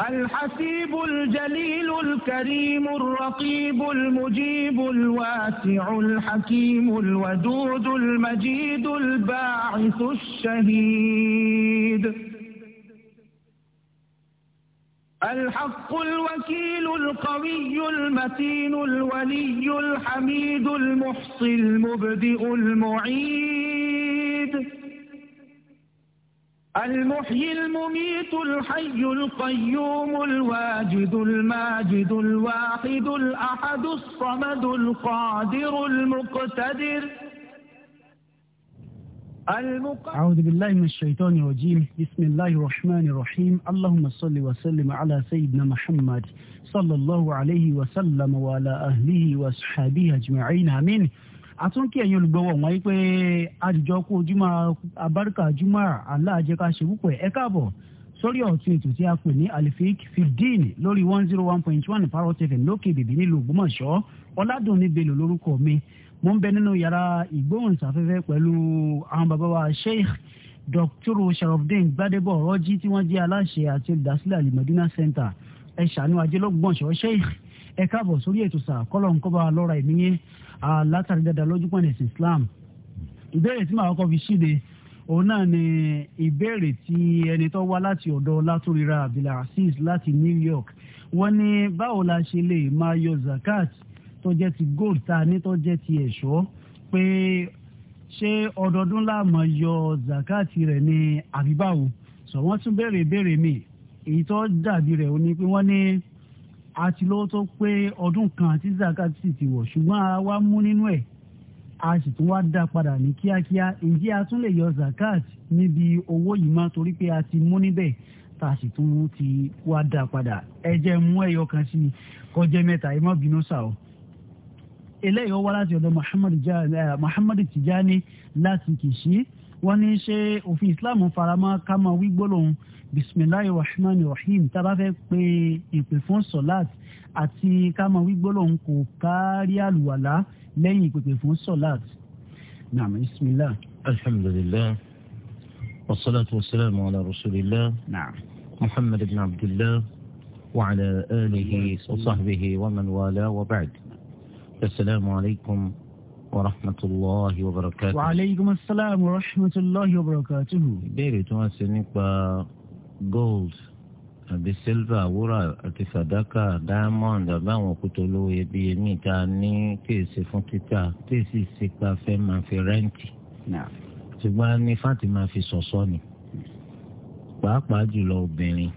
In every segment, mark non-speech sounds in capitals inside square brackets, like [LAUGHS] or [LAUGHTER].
الحسيب الجليل الكريم الرقيب المجيب الواسع الحكيم الودود المجيد الباعث الشهيد الحق الوكيل القوي المتين الولي الحميد المحصي المبدئ المعيد المحيي المميت الحي القيوم الواجد الماجد الواحد الأحد الصمد القادر المقتدر أعوذ بالله من الشيطان الرجيم بسم الله الرحمن الرحيم اللهم صل وسلم على سيدنا محمد صلى الله عليه وسلم وعلى أهله وأصحابه أجمعين آمين àtúnkì ẹ̀yin olùgbọ́wọ́ wọn pé àdìjọ kú ojúmọ́ abáríkà jùmọ́ aláàjẹká ṣe púpọ̀ ẹ káàbọ̀ sórí ọ̀tún ètò tí a pè ní alifik fidin lórí one zero one point one parrot fm lókè bèbí nílùú Ògbómọ̀ṣọ́ ọládùnní belò lórúkọ mi mo ń bẹ nínú yàrá ìgbóhùnsáfẹ́fẹ́ pẹ̀lú àwọn bàbá wa sheikh dr sharafdin gbadebo ọrọjí tí wọ́n jẹ́ aláṣẹ àti olùdásílẹ̀ alimadina center ẹ̀ṣánú ajẹ́lógbọ̀nsọ̀ sheikh ẹ káàbọ̀ sórí ètò sà kọ́lọ̀ ń kọ́ba lọ́ra ìníyẹn látàrí dáadáa lójú pọ̀n Islam ìbéèrè tí màá kọ́ fi ṣíde òun náà ni ìbéèrè tí ẹni tó wá láti ọ̀dọ̀ látòrira abdulhasis láti New York wọ́n ní báwo la ṣe lè máa yọ zakat tó jẹ́ ti gold tá a ní tó jẹ́ ti ẹ̀ṣọ́ pé ṣé ọdọọdún la yọ zakat rẹ̀ ní àbíbáwo sọ wọ́n tún béèrè ìbéèrè mi èyí tó dàbí rẹ̀ ó ní pé wọ́n ní àti lọ́wọ́ tó pé ọdún kan tí zakat sì ti wọ̀ ṣùgbọ́n ara wa mú nínú ẹ̀ a sì tún wá dá padà ní kíákíá ǹjẹ́ a tún lè yọ zakat níbi owó yìí má torí pé a ti mú níbẹ̀ tá a sì tún ti wá dá padà ẹ mú ẹyọ kan sí i kó mẹ́ta ẹ má bínú sá o. eléyìí ó wá láti ọ̀dọ̀ Muhammad eh, Tijani láti Kìṣí wọ́n ní ṣé òfin Islam faramọ́ ká máa wí gbólóhùn bisimilahi rahman rahim tá a bá fẹ́ pe ìpè fún sọ̀láàt àti ká máa wí gbólóhùn kò kárí àlùwàlá lẹ́yìn ìpèpè fún sọ̀láàt. naam bisimilah. alhamdulilayi wasalaatu wasalaamu ala rasulillah. naam. muhammad ibn abdillah wa ala alihi wa sahbihi wa man wala wa ba'd. asalaamu alaykum wa rahmatulahi wa barakatuhu. wa aleykum asalaam wa rahmatulahi wa barakatuhu gold àbí silver wúrà àti fàdákà diamond àbí àwọn òkúta olówó iyebíye míì tá a ní kéèsì fún títà kéèsì sípa fẹ́ máa fi rẹ́ǹtì ṣùgbọ́n ní fátima fi ṣọ̀ṣọ́ ni pàápàá jùlọ obìnrin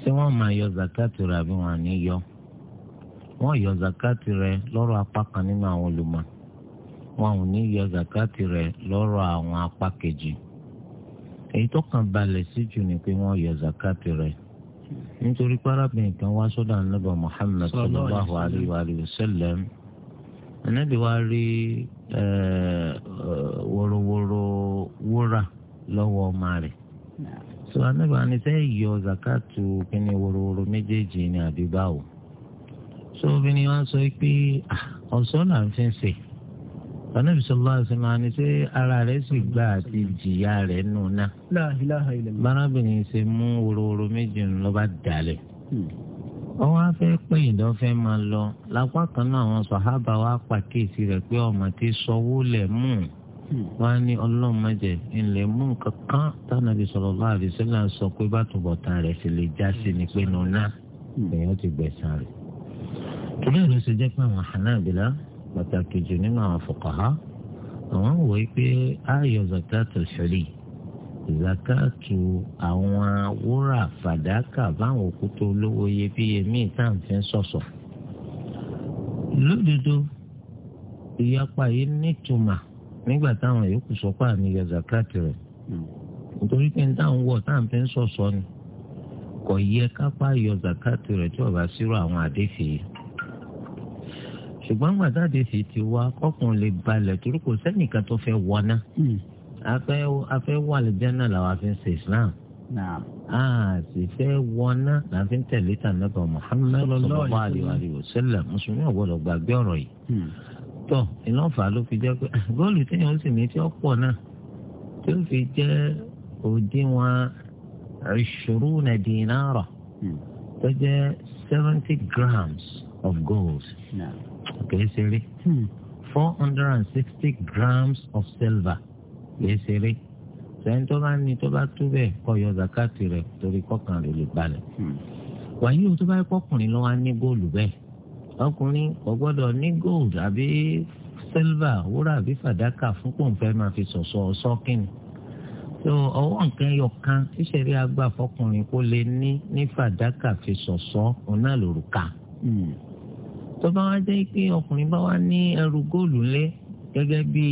ṣé wọ́n máa yọ zakati rẹ̀ àbí wọn àní yọ wọ́n yọ zakati rẹ̀ lọ́rọ̀ apá kan nínú àwọn olùmọ̀ wọn ò ní yọ zakati rẹ̀ lọ́rọ̀ àwọn apá kejì èyí tó kàn balẹ̀ sí jù ni pé wọ́n yọ zakat rẹ̀ nítorí parábìnrin kan wá sọ́dọ̀ anábà Muhammad sallallahu alayhi wa sallam anábì wa rí wòrowòro wúrà lọ́wọ́ ọmọ rẹ̀ so anábì wa ni fẹ́ yọ zakat kíni wòrowòro méjèèjì ni àbí báwo so obìnrin wa sọ pé ah, ọ̀sán là ń fi ń sè é. anabi sọlá ṣẹlá ni ṣé ara rẹ̀ sì gbà àti jìyà rẹ̀ nù náà. bárábìnrin ṣe mú wòrowòro méjì ńlọba dalẹ̀. ọwọ́ hmm. afẹ́ pẹ̀yìn dán fẹ́ máa lọ lápá kan náà àwọn sọ̀hábà wa pàkíyèsí rẹ̀ pé ọmọ ti sọwọ́ lẹ̀ mú un hmm. ní ọlọ́mọdé ńlẹ̀ mú tánàbí bá àdìsẹ́lá sọ pé bá rẹ̀ sì lè já sí ni pé nù náà hmm. èèyàn ti gbẹ̀sán rẹ̀. ìlú ìlú pàtàkì jù nínú àwọn fuqaha àwọn wò ó pé ayọ̀ zakatul fili zakatu àwọn wúrà fàdákà báwọn òkúta olówó iyebíye míì tá à ń fi sọ̀sọ̀ lódodo ìyapa yìí nítumà nígbà táwọn yòókù sọ pé àmì yọ zakati rẹ̀ nítorí pé ní táwọn wọ táwọn fi ń sọ̀sọ̀ ni kò yẹ kápá yọ zakati rẹ̀ tí ọba sírò àwọn àdéfì ṣùgbọ́n gbàdáde sì ti wá kọ́kùn lè balẹ̀ torí kò sẹ́nìkan tó fẹ́ wọná hmm. afẹ́ wà lẹ́jẹ̀nà làwọn afi ń ṣe Islam a sì fẹ́ wọná làwọn fi ń tẹ̀lé tànàbà Muhammad sallallahu alaihi wa sallam mùsùlùmí ọ̀gbọ́dọ̀ gbàgbé ọ̀rọ̀ yìí tọ̀ iná fà ló fi jẹ́ pé [LAUGHS] góòlù téèyàn sì ní tí ó pọ̀ náà tó fi jẹ́ òdiwọ̀n ishuruna dinara hmm. tó jẹ́ seventy grams of gold. Yeah kìí ṣeré hmm. four hundred and sixty grams of silver kìí ṣeré sẹ́yìn tó bá ní tó bá tú bẹ́ẹ̀ kó yọ zakati rẹ̀ torí kọ́kàn rẹ̀ lè balẹ̀. Hmm. wàyí o tó bá kọkùnrin lọ wá ní góòlù bẹ́ẹ̀ ọkùnrin kò gbọ́dọ̀ ní góòlù àbí sílvà wúrà àbí fàdákà fún pòǹfẹ́ máa fi sọ̀sọ̀ sọ́kìn. tó ọwọ́ nǹkan yọ kan tíṣẹ̀rí àgbà fọkùnrin kó lè ní ní fàdákà fi sọ̀sọ́ ọ̀nà lòrùka. Hmm tó bá wá jẹ́ pé ọkùnrin bá wá ní ẹrù góòlù lé gẹ́gẹ́ bí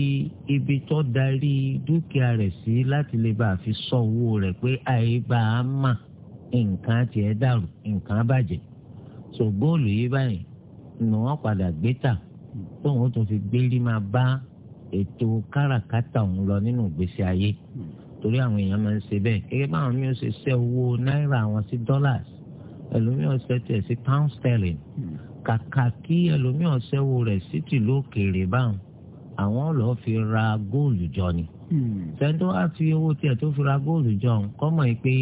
ibi tó darí dúkìá rẹ̀ sí láti lè bá a fi sọ owó rẹ̀ pé àìbá a mà nǹkan tiẹ̀ dàrú nǹkan bàjẹ́ so góòlù yìí báyìí ni wọ́n padà gbé tà tóun ó tún fi gbérí máa bá ètò káràkátà òun lọ nínú ìgbésí ayé torí àwọn èèyàn máa ń ṣe bẹ́ẹ̀ gẹ́gẹ́ báwọn mi ò ṣe ṣe owó náírà wọn sí dọ́là ẹlòmíràn ṣe tiẹ̀ sí pound sterling. Mm kàkà kí ẹlòmíràn ṣẹ́wó rẹ̀ sí tìlú òkèèrè báwọn àwọn lọ́ọ́ fi ra góòlù jọ ni. sẹ́ńtò hmm. á fi owó tiẹ̀ tó fi ra góòlù jọ kọ́mọ̀ yìí pé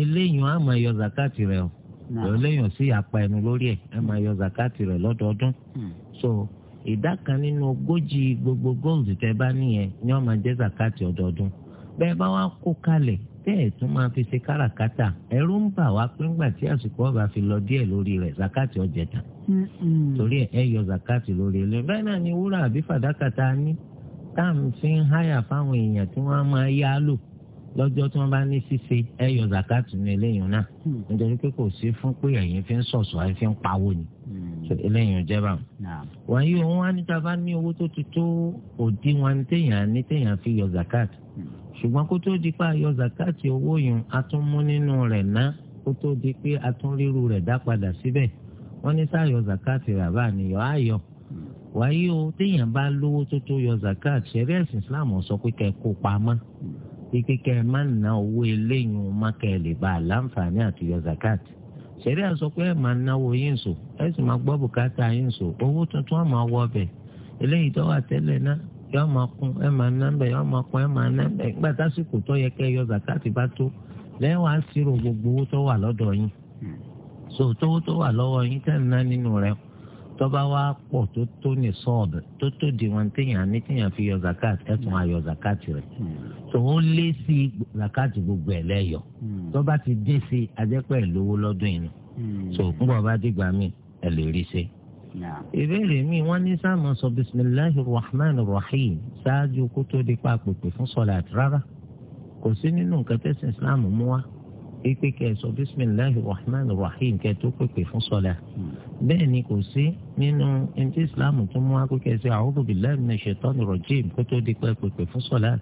eléyìn á máa yọ zakati rẹ̀ o eléyìn sí apá ẹnu lórí ẹ̀ á máa yọ zakati rẹ̀ lọ́dọọdún. Hmm. so ìdá kan nínú ogójì gbogbo góòlù tẹ bá nìyẹn ni wọ́n máa jẹ́ zakati ọdọọdún bẹ́ẹ̀ bá wá kó kalẹ̀ tẹ́ẹ̀ tún máa fi ṣe káràkátà ẹ̀rú ń bà wá pé ńgbà tí àsìkò ọba fi lọ díẹ̀ lórí rẹ̀ zakati ọ̀jẹ̀ta torí ẹ yọ zakati lórí rẹ̀ bẹ́ẹ̀ náà ni wúrà àbí fàdákà tá a ní tá à ń fi ń háyà fáwọn èèyàn tí wọ́n á máa yá lò lọ́jọ́ tí wọ́n bá ní ṣíṣe ẹ yọ zakati ní eléyìí náà hmm. nítorí pé kò sí fún pé ẹ̀yin fi ń ṣọ̀ṣọ́ ẹ fi ń pawó ni hmm. eléyìí jẹ́ bá wọ́n yí òun wá níta bá ní ṣùgbọ́n kó tó di pé a yọ zakati owó yìí a tún mú nínú rẹ̀ ná kó tó di pé a tún ríru rẹ̀ dá padà síbẹ̀ wọ́n ní sáà yọ zakati rà bá nìyọ ayọ̀ wáyé o téèyàn bá lówó tó tó yọ zakati ṣẹ̀rí ẹ̀sìn Islam sọ pé kẹ́ kó pamọ́ pé kẹ́ ẹ má ná owó eléyìí má kẹ́ ẹ lè bá a láǹfààní àti yọ zakati ṣẹ̀rí ẹ̀ sọ pé ẹ̀ máa náwó yín sò ẹ̀ sì máa gbọ́ bùkátà yín sò owó tuntun àmọ́ wọ ọbẹ̀ eléyìí tó wà tẹ́lẹ̀ náà yóò máa kún ẹ máa ná bẹ yóò máa kún ẹ máa ná bẹ ìgbà tásìkò tó yẹ kẹ́ yọ zakati bá tó lẹ́wọ̀n á ṣírò gbogbo owó tó wà lọ́dọ̀ yín so tówó tó wà lọ́wọ́ yín tẹ́ ń ná nínú rẹ̀ tó bá wá pọ̀ tó tó ní sọ́ọ̀bù tó tó di wọn téèyàn ní téèyàn fi yọ zakati ẹ̀ tún á yọ zakati rẹ̀ tó ó lé sí zakati gbogbo ẹ̀ lẹ́yọ̀ tó bá ti dé sí ajẹ́pẹ́ ìlówó lọ́dún yìí so ń bọ̀ bá dìgbà míì ẹ̀ lè rí sí i ìbéèrè mi wọ́n ní sáàmù sọ bisimilahi rahman rahim ṣáájú kó tó di pa pèpè fún sọlá rárá kò sí nínú nǹkan tẹ̀sìn islam mú wa pípé kẹsọ bisimilahi rahman rahim kẹ tó pèpè fún sọlá hmm. bẹ́ẹ̀ ni kò sí nínú ẹni tí islam tún mú wa pé kẹsì a'udhu billahi minash shaitani rajim kó tó di pa fún sọlá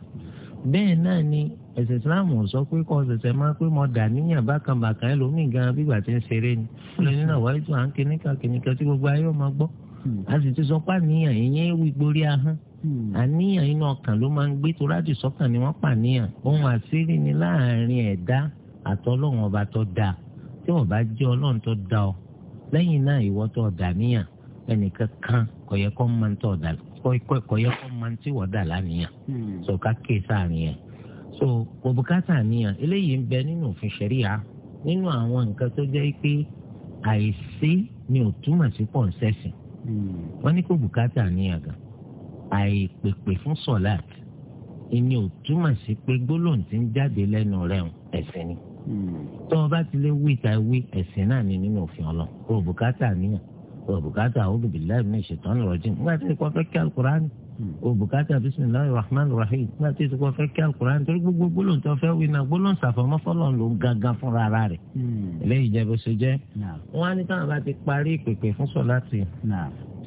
bẹ́ẹ̀ náà ni ẹ̀sẹ̀ islam ò sọ pé kọ́ ọ̀sẹ̀sẹ̀ máa pé mo dà níyàn bákan bàkan ẹlòmíì gan bígbà tí ń ṣeré ni lónìí náà wáyé tó à ń kíníkà kíníkà tí gbogbo ayé ọmọ gbọ́ a sì ti sọ pé àníyàn ìyẹn wí gbórí ahọ́n àníyàn inú ọkàn ló máa ń gbé tó láti sọ́kàn ni wọ́n pàníyàn ohun àṣírí ni láàrin ẹ̀dá àtọ́lọ́wọ́n ọba tó dáa tí wọ́n bá jẹ́ ọlọ́run tó dáa ọ lẹ́yìn náà ìwọ tó dà níyàn ẹnìkan kan kò máa ń tọ̀ dà kọ́ ẹ̀kọ́ yẹ kọ́ máa ń tí wọ́n dà lánìyàn hmm. so ká ké sáàrin so kò bùkátà níyàn eléyìí ń bẹ nínú òfin ṣẹ̀ríya nínú àwọn nǹkan tó jẹ́ pé àìsí ni ò túmọ̀ sí pọ̀ ń sẹ́sìn hmm. wọ́n ní kò bùkátà níyàn gan àìpèpè fún sọ̀láàtì ìní ò túmọ̀ sí pé gbólóhùn ti ń jáde lẹ́nu rẹ̀ ẹ̀sìn ni hmm. tó o bá ti lè wí wí ẹ̀sìn náà ni nínú òfin ọlọ́ òbùkátà olùbíláì ní ìṣètọ́nù rọ̀jìn nígbà tí ìkọ́ fẹ́ kí alukurani hmm. òbùkátà bisimilahi rahman rahim nígbà tí ìkọ́ fẹ́ kí alukurani torí gbogbo gbólóhùn tó fẹ́ wíná gbólóhùn sàfọ̀mọ́ fọlọ́n ló ń gangan fúnra ara rẹ̀ hmm. eléyìí jẹ́ bó ṣe jẹ́ wọ́n á ní táwọn bá ti parí ìpèpè fún sọ̀láàtì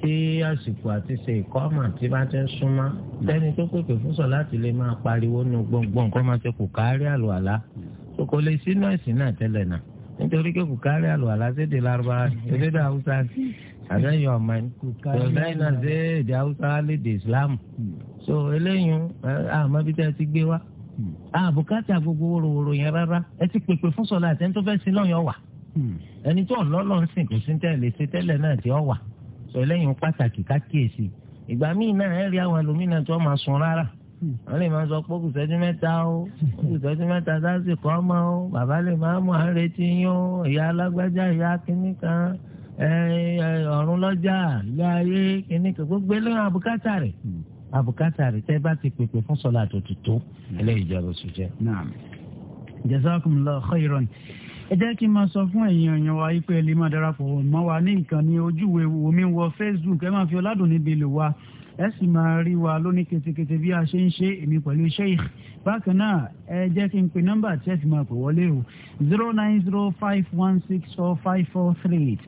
tí àsìkò àti ṣe ìkọ́mà tí bá ti ń súnmọ́ tẹ́ni tó pèpè fún sọ̀láàtì lè máa pariwo nù gbọ̀ngbọ̀n kó máa ṣe kù kárí àlùhàlà hmm. kò lè sínú ẹ̀sìn náà tẹ́lẹ̀ náà nítorí pé kù kárí àlùhàlà ṣéde lárúbáwá ṣéde dàrúsá sí àbẹ́yìn ọmọ yìí tó lẹ́yìn náà ṣe èdè haúsá lédè islam so eléyìí àmọ́ bí tẹ́ ẹ ti gbé wá àbùkátà gbogbo wòrowòro yẹn rárá ẹ ti pèpè fún sọlá àti ẹni tó fẹ́ sin lọ́yọ̀ wà ẹni tó lọ́lọ́ ń sìn kò sí tẹ́lẹ̀ ṣe tẹ́lẹ̀ náà ti ọ̀ wà so eléyìí pàtàkì kákíyèsí ìgbà míì náà ẹ rí àwọn ẹlòmínà tó máa sun rárá wọ́n lè máa sọ pé kù sẹ́jú mẹ́ta o kù sẹ́jú mẹ́ta sásìkò ọmọ o bàbá lè máa mú à ń yín o ìyá alágbájá ìyá kínní kan ọ̀run lọ́jà ilé ayé kìnnìkan gbogbo ẹlẹ́wọ̀n àbùkátà rẹ̀ àbùkátà hmm. rẹ̀ tẹ́ bá ti pèpè fún sọ́lá àtòtò tó hmm. eléyìí jẹ́ oṣù jẹ́. jazakumullahu khairan ẹ jẹ́ kí n máa sọ fún ẹ̀yin ọ̀yàn wa ipe ẹ̀ máa darapọ̀ mọ́ wa ní ìkànnì ojúwe omi wọ facebook ẹ máa fi ọ̀làdùn níbi lò wa ẹ sì máa rí wa lóní ketekete bí a ṣe ń ṣe èmi pẹ̀lú sheikh bákan náà ẹ jẹ́ kí n pe nọ́mbà tí ẹ ti máa pè wọlé o zero nine zero five one six four five four three eight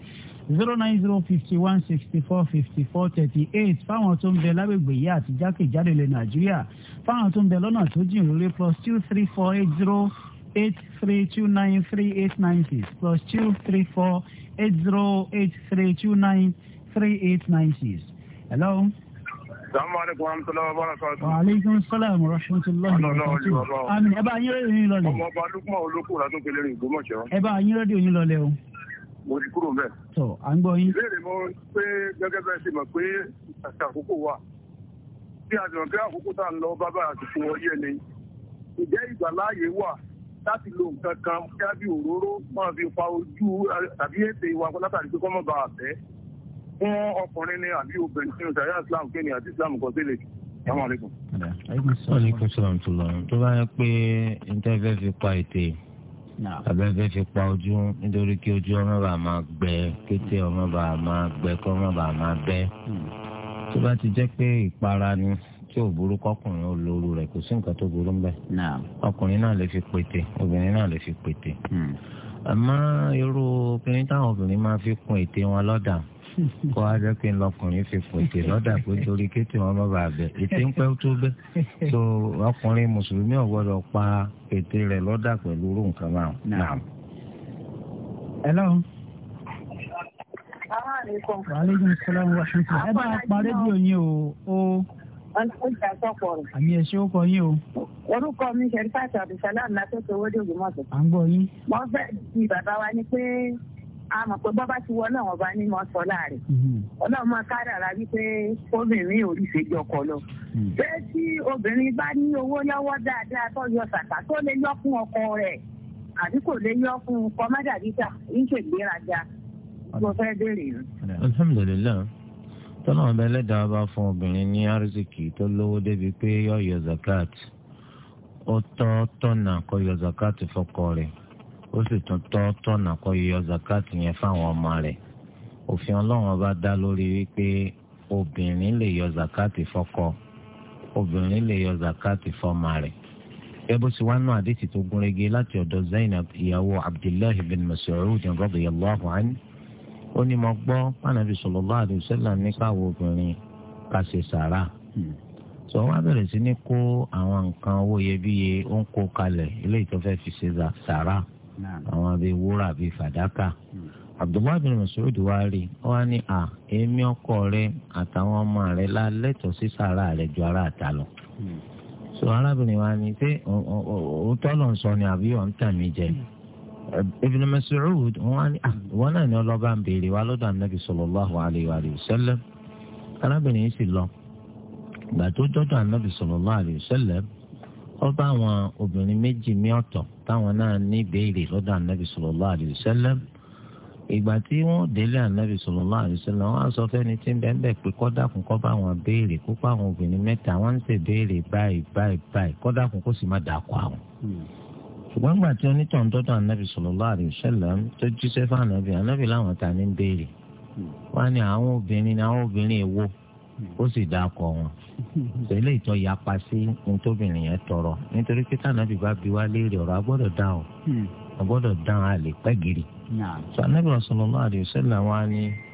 zero nine zero fifty one sixty four fifty four thirty eight fáwọn tó ń bẹ lágbègbè yìí àti jákèjádò ilẹ̀ nàìjíríà fáwọn tó ń bẹ lọ́nà tó jìn lórí plus two three four eight zero eight three two nine three eight nine six plus two three four eight zero eight three two nine three eight nine six. hello. salaamaleykum rahmatulahi wa barakatu. waaleykum salaam wa rahmatulahi wa barakatu. ami ẹ bá yín rédíò yín lọlẹ. ọmọ ọba lukuma olókùn ladókèlè ní ìgbọmọṣẹ. ẹ bá yín rédíò yín lọlẹ o mo ti kúrò bẹ́ẹ̀. tọ à ń gbọ́ yín. ìbéèrè mo pé gẹ́gẹ́ bẹ́ẹ̀ ṣe mọ̀ pé àṣà àkókò wà bí a dìrọ̀ pé àkókò tá à ń lọ bábà àsìkò ọyẹ́ ni ǹjẹ́ ìgbàláàyè wà láti lo nǹkan kan bóyá bí òróró máa fi pa ojú tàbí ètè wa látàrí pé kọ́mọ̀ bá a bẹ́ fún ọkùnrin ni àbí obìnrin sínú sàríà islam kéènì àti islam kọ́sílẹ̀ sàmúlẹ̀kùn. aleykum salaam tó bá yẹ pé ntẹ́fẹ́ fi pa ètè abẹ́fẹ́ fi pa ojú nítorí kí ojú ọmọ bàá máa gbẹ kété ọmọ bàá máa gbẹ kọ́ ọmọ bàá máa bẹ́ hmm. tó bá ti jẹ́ pé ìpara ni tí ò burú kọkùnrin olóoru rẹ̀ kò sí nǹkan tó burú mbẹ ọkùnrin náà lè fi pété obìnrin náà lè fi pété hmm. àmọ́ irú obìnrin táwọn obìnrin máa fi kun ète wọn lọ́dà. Hmm kó a jẹ́ kí n lọkùnrin fi fòtè lọ́dà pé torí kéte wọn bá bàa bẹ̀ ètè ń pẹ́ tó bẹ́ tó ọkùnrin mùsùlùmí ò gbọ́dọ̀ pa ètè rẹ̀ lọ́dà pẹ̀lú irú nǹkan náà. naam. hello. wàhálẹ́jọ́ sọlá wa ṣùkú. ẹ bá a pa rédíò yín o. o. àmì ẹ̀ṣẹ́ ó kọ yín o. orúkọ mi ṣe ń pàṣẹ àbùsálà ńlá tó ṣe owó dé ògbómọ̀ṣọ́. à ń gbọ́ yín. wọ́n fẹ́ di bàbá wa ni pé a mọ̀ pé bọ́ bá ti wọ náà wọ́n bá ní mọ́ sọ láàrin mm-hmm. ọlọ́run máa kádàrá wípé obìnrin oríṣiríṣi ọkọ lọ mm-hmm. pé tí obìnrin bá ní owó lọ́wọ́ dáadáa tó yọ sàkà tó lè yọ fún ọkọ rẹ̀ àbí kò lè yọ fún kọ́mádàbíta ìṣègbéraga mo fẹ́ béèrè rẹ̀. alhamdulilayi tọ́nà ọ̀bẹ lẹ́dàá bá fún obìnrin ní arzikì tó lówó débi pé yọ yọ zakat ó tọ́ tọ́nà kó yọ zakat fọkọ rẹ̀ ó sì tún tọ́ yọ zakati yẹn fáwọn ọmọ rẹ̀ òfin ọlọ́run bá dá lórí wípé obìnrin lè yọ zakati fọ́kọ obìnrin lè yọ zakati fọ́mọ rẹ̀ ẹbú wánú àdìsí tó gúnrégé láti ọ̀dọ̀ Zainab Abdullahi bin Mas'ud radiyallahu anhu ó ní mo gbọ́ pànàbí sallallahu alaihi nípa àwọn obìnrin sàrà bẹ̀rẹ̀ sí ní kó àwọn nǹkan owó iyebíye ó ń kó kalẹ̀ eléyìí tó àwọn bíi wúrà bíi fàdákà hmm. abdullahi bin masoud wa rí ọ wá ní à èmi ọkọ rẹ àtàwọn ọmọ rẹ la lẹ́tọ̀ọ́ sí sàrà rẹ ju ara àta lọ hmm. so arábìnrin wa ni pé òótọ́ ló ń sọ ni àbí ọ̀ ń tàn mí jẹ hmm. ibn masoud wọn á ní wọn náà ni ọlọ́ba ń béèrè wa lọ́dọ̀ anabi sallallahu alayhi wa sallam arábìnrin yìí sì lọ gbà dọ́dọ̀ anabi sallallahu alayhi wa sallam ó àwọn obìnrin méjì mí ọ̀tọ̀ táwọn náà ní ìbéèrè lọ́dọ̀ ànábì sallallahu alaihi wasallam ìgbà tí wọ́n délé ànábì sallallahu alaihi wasallam wọ́n á sọ fẹ́ni tí ń bẹ́ẹ̀ bẹ́ẹ̀ pé kọ́dàkùn kọ́ bá wọn béèrè kópa àwọn obìnrin mẹ́ta wọ́n ń ṣe béèrè báyìí báyìí báyìí kọ́dàkùn kó sì má dàkọ̀ àwọn. ṣùgbọ́n ìgbà tí onítàn dọ́dọ̀ ànábì sallallahu alaihi wasallam tó jíṣẹ́ fún ànábì ànábì láwọn ó sì dá akọ wọn tẹlẹ ìtọ yapa sí ohun tóbìnrin yẹn tọrọ nítorí pé tànàbí bá bi wá léèrè ọ̀rọ̀ agbọ́dọ̀ dáhùn agbọ́dọ̀ dáhùn àlè pẹgìrì sọ anábì sallallahu alaihi wasallam wá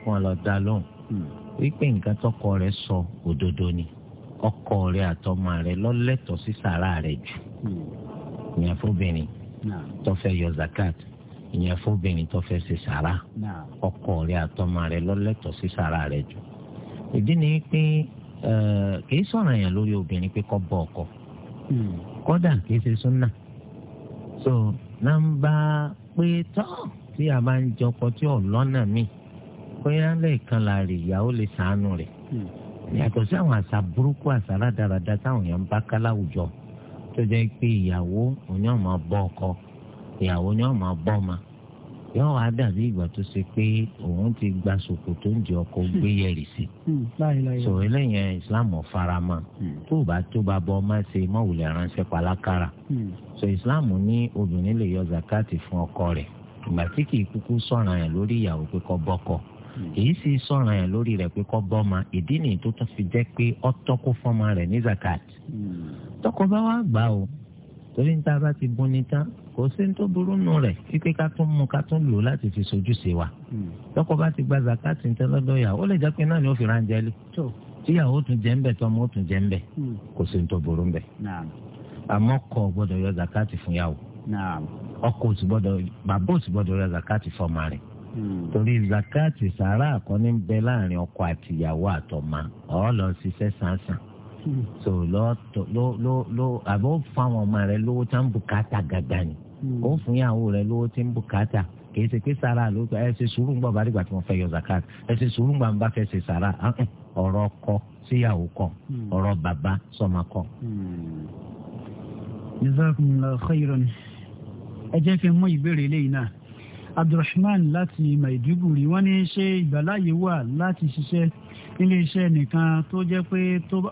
wọn lọ dá lóhùn hmm. wípé nǹkan tọkọ sọ òdodo ni ọkọ rẹ àtọmọ lọlẹtọ sí sàrà jù hmm. ìyẹn tọfẹ yọ zakat ìyẹn tọfẹ ọkọ àtọmọ lọlẹtọ sí sàrà jù. ìdí ni pé kìí sọ̀rọ̀ yẹn lórí obìnrin pé kọ́ bọ̀ ọkọ hmm. kódà kìí ṣe súnà so nàmbà pé tọ́ tí a bá ń tí ò lọ́nà míì bóyá lẹ́ẹ̀kan la rè ìyàwó lè sàánú rẹ̀ hmm. yàtọ̀ sí àwọn àṣà burúkú àṣà rádaràda táwọn èèyàn ń bá ká láwùjọ tó ìyàwó òun ìyàwó yóò yóò wá dàbí ìgbà tó ṣe pé òun ti gba sòkò tó ń jẹ ọkọ hmm. gbé yẹrì sí hmm. sọ eléyẹn islam ọ̀farama hmm. tó bá tó bá bọ ọmọ ṣe mọ̀wùlẹ̀ ránṣẹ́ palákàrà sọ islam ní obìnrin lè yọ zakati fún ọkọ rẹ̀ ìgbà tí kì í kúkú sọ̀ràn yẹn lórí ìyàwó pé kọ́ bọ́kọ èyí sì sọ̀ràn yẹn lórí rẹ̀ pé kọ́ bọ́mọ ìdí nìyí tó tún fi jẹ́ pé ọtọ́ kó fọ́mọ rẹ̀ ní zakati tọkọ bá wá gbà o torí níta bá ti bún ní tán kò sí ní tó burú nù rẹ̀ wípé ká tún mú ká tún lò láti fi wa hmm. tọkọ bá ti gba zakati ń tẹ lọ́dọ̀ yà ó lè jẹ́ pé náà ni ó fi ránjẹ lé tíyàwó tún jẹ́ ń bẹ̀ tún jẹ́ ń bẹ̀ hmm. kò sí ní tó burú ń bẹ̀ àmọ́ kò gbọ́dọ̀ yọ zakati fún yàwó òsì gbọ́dọ̀ bàbá òsì gbọ́dọ̀ yọ zakati rẹ̀ hmm. torí zakati bẹ láàrin ọkọ àtìyàwó lọ sánsan so lọ lọ lọ fáwọn ọmọ rẹ ó ń fún ìyàwó rẹ lówó tí ń bùkátà kì í ṣe pé sàrà ló gba ẹ ṣe sùúrù ńgbà bá dìgbà tí wọ́n fẹ́ yọ zakat ẹ ṣe sùúrù ńgbà bá fẹ́ ṣe sàrà ọ̀rọ̀ ọkọ síyàwó kọ hmm. ọ̀rọ̀ bàbá sọmọ kọ. Hmm. jazakumullahu khairan ẹ jẹ́ kí n mú ìbéèrè eléyìí náà abdulrahman láti maiduguri wọ́n ní ṣé ìgbàláyé wà láti ṣiṣẹ́ iléeṣẹ́ nìkan tó jẹ́ pé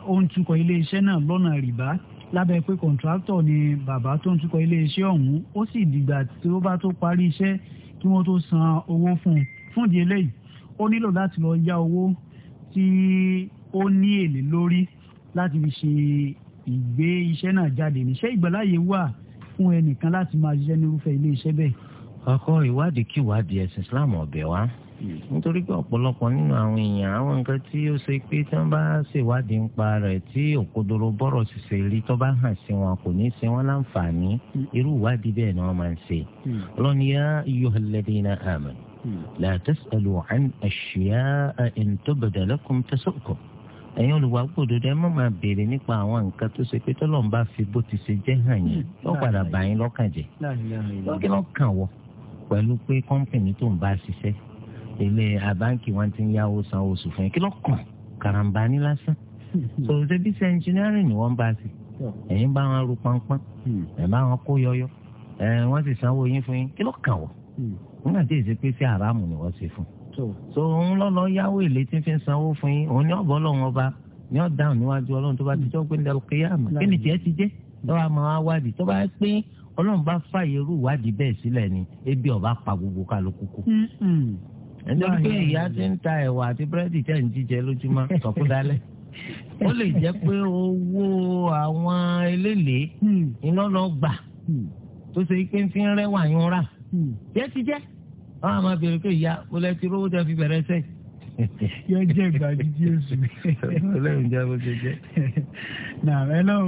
ó ń tukọ̀ iléeṣẹ́ náà lọ́nà rìbá lábẹ́ pé kọ̀ǹtrátọ̀ ni bàbá tó ń tukọ̀ iléeṣẹ́ ọ̀hún ó sì dìgbà tí ó bá tó parí iṣẹ́ kí wọ́n tó san owó fún un fún ìdí eléyìí ó nílò láti lọ yá owó tí ó ní èlé lórí láti fi ṣe ìgbé iṣẹ́ náà jáde níṣẹ́ ìgbàláyé wà fún ẹnìkan láti máa ṣiṣẹ́ nírúfẹ́ iléeṣẹ́ bẹ́ẹ̀. ọkọ ìwádìí kí ìwádìí ẹ̀sìn Islam ọ̀bẹ̀ wá nítorí pé ọ̀pọ̀lọpọ̀ nínú àwọn èèyàn àwọn nǹkan tí ó ṣe pé tí wọ́n bá ṣèwádìí nípa rẹ̀ tí òkodoro bọ́rọ̀ ṣiṣẹ́ rí tó bá hàn sí wọn kò ní í ṣe wọ́n láǹfààní irú ìwádìí bẹ́ẹ̀ ni wọ́n máa ń ṣe. ọlọ́niyá ayyuhal ladina amanu la tas'alu an ashya'a in tubda lakum tasu'kum ẹ̀yin olùwàgbọ́ òdodo ẹ má máa béèrè nípa àwọn nǹkan tó ṣe pé tọ́lọ́run bá fi bó ti ṣe jẹ́ hàn yín yóò padà bá yín lọ́kàn jẹ́ lọ́kàn wọ pẹ̀lú pé kọ́ńpìnì tó ń bá ṣiṣẹ́ ilé àbáǹkì wọn ti ń yáwó san oṣù fún yín kí ló kàn karambà ní lásán sọ̀rọ̀ débi sẹ́ ẹnjìnírìn ni wọ́n bá sí hmm. ẹ̀yin bá wọn ru pọ́npọ́n hmm. ẹ̀ bá wọn kó yọyọ ẹ̀ wọ́n sì sanwó yín fún yín kí ló kàn wọ́n nígbà tí èsì pé sí àràmù ni wọ́n ṣe fún so òun lọ́lọ́ yáwó èlé tí fi ń sanwó fún yín òun ni ọ̀bọ̀ lọ́wọ́n ọba ní ọ̀dáhùn níwájú ọlọ́run tó bá ti jọ́ pé nílẹ̀ kéyàmù kí ni tiẹ̀ ti jẹ́ lọ́wọ́ àmọ́ wádìí tó bá pé ọlọ́run bá fàyè irú ìwádìí bẹ́ẹ̀ sílẹ̀ ni ebi ọba pa gbogbo kálukú kù nítorí pé ìyá ti ń ta ẹ̀wà àti búrẹ́dì tẹ̀ ń jíjẹ lójúmọ́ sọ̀kúdálẹ̀ ó lè jẹ́ pé owó àwọn eléèlé hmm. iná lọ gbà hmm. tó ṣe pé ń fi ń rẹ́wà yín rà jẹ́ hmm. ti jẹ́ wọ́n á máa bèrè pé ìyá mo lẹ́ ti rówó tẹ́ fi bẹ̀rẹ̀ sẹ́yìn yóò jẹ́ ìgbà jíjí oṣù. [LAUGHS] ọlọ́run jẹ́ bó ṣe jẹ́. naam hello.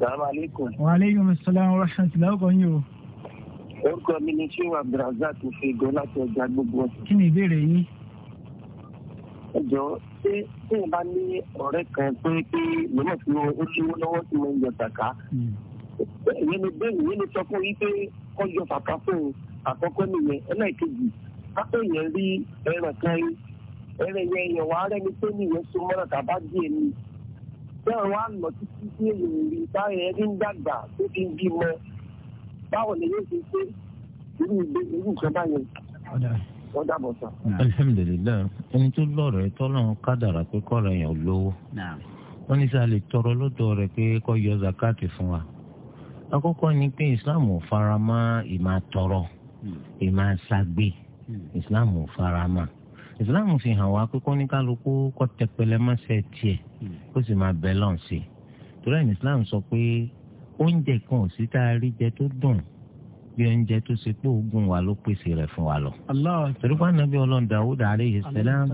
salaamaleykum. wa aleykum salaam wa rahmatulah orúkọ mi ni ṣé abdulrasaq fi gan láti ọjà gbogbo. kí ni ìbéèrè yín. ẹ jọ ṣé ṣé ìbá ní ọ̀rẹ́ kan pé pé lọ́mọ̀ tí mo ó ṣíwó lọ́wọ́ tí mo ń yọ tàkà. Hmm. ìyẹn ni bẹ́ẹ̀ ìyẹn ni sọ fún yín pé kọ́ yọ tàkà fún àkọ́kọ́ nìyẹn ẹlẹ́ẹ̀kejì kápẹ́ yẹn rí ẹran kan yín ẹran yẹn yẹn wàá rẹ́ni pé nìyẹn so mọ́ra tàbá díẹ̀ ni. bẹ́ẹ̀ wá lọ títí sí èyí báwo ni yóò ṣe ṣe irú ìgbé irú nǹkan báyẹn wọ́n dàbọ̀ sọ. alihamudulilayi ẹni tó lọ́rọ̀ ẹ tọ́lọ́ kádàrà pé kọ́ra yẹn ò lówó wọ́n ní sáà lè tọrọ lọ́dọ̀ rẹ̀ pé kó yọ zakati fún wa àkọ́kọ́ ni pé islam ò fara mọ́ ìmà tọrọ hmm. ìmà ṣagbe hmm. islam ò fara mọ́ islam fi hàn wá pé kọ́níkálukú kọ́ tẹpẹlẹ mọ́sẹ̀ tiẹ̀ hmm. kó sì máa bẹ̀ lọ́n sí i torí ẹni islam sọ pé. oúnjẹ kan ò sí tá a rí jẹ tó dùn bí oúnjẹ tó ṣe pé ogun wa ló pèsè rẹ̀ fún wa lọ. torípa nàbí ọlọ́run dàwúdà aleyhi sàlám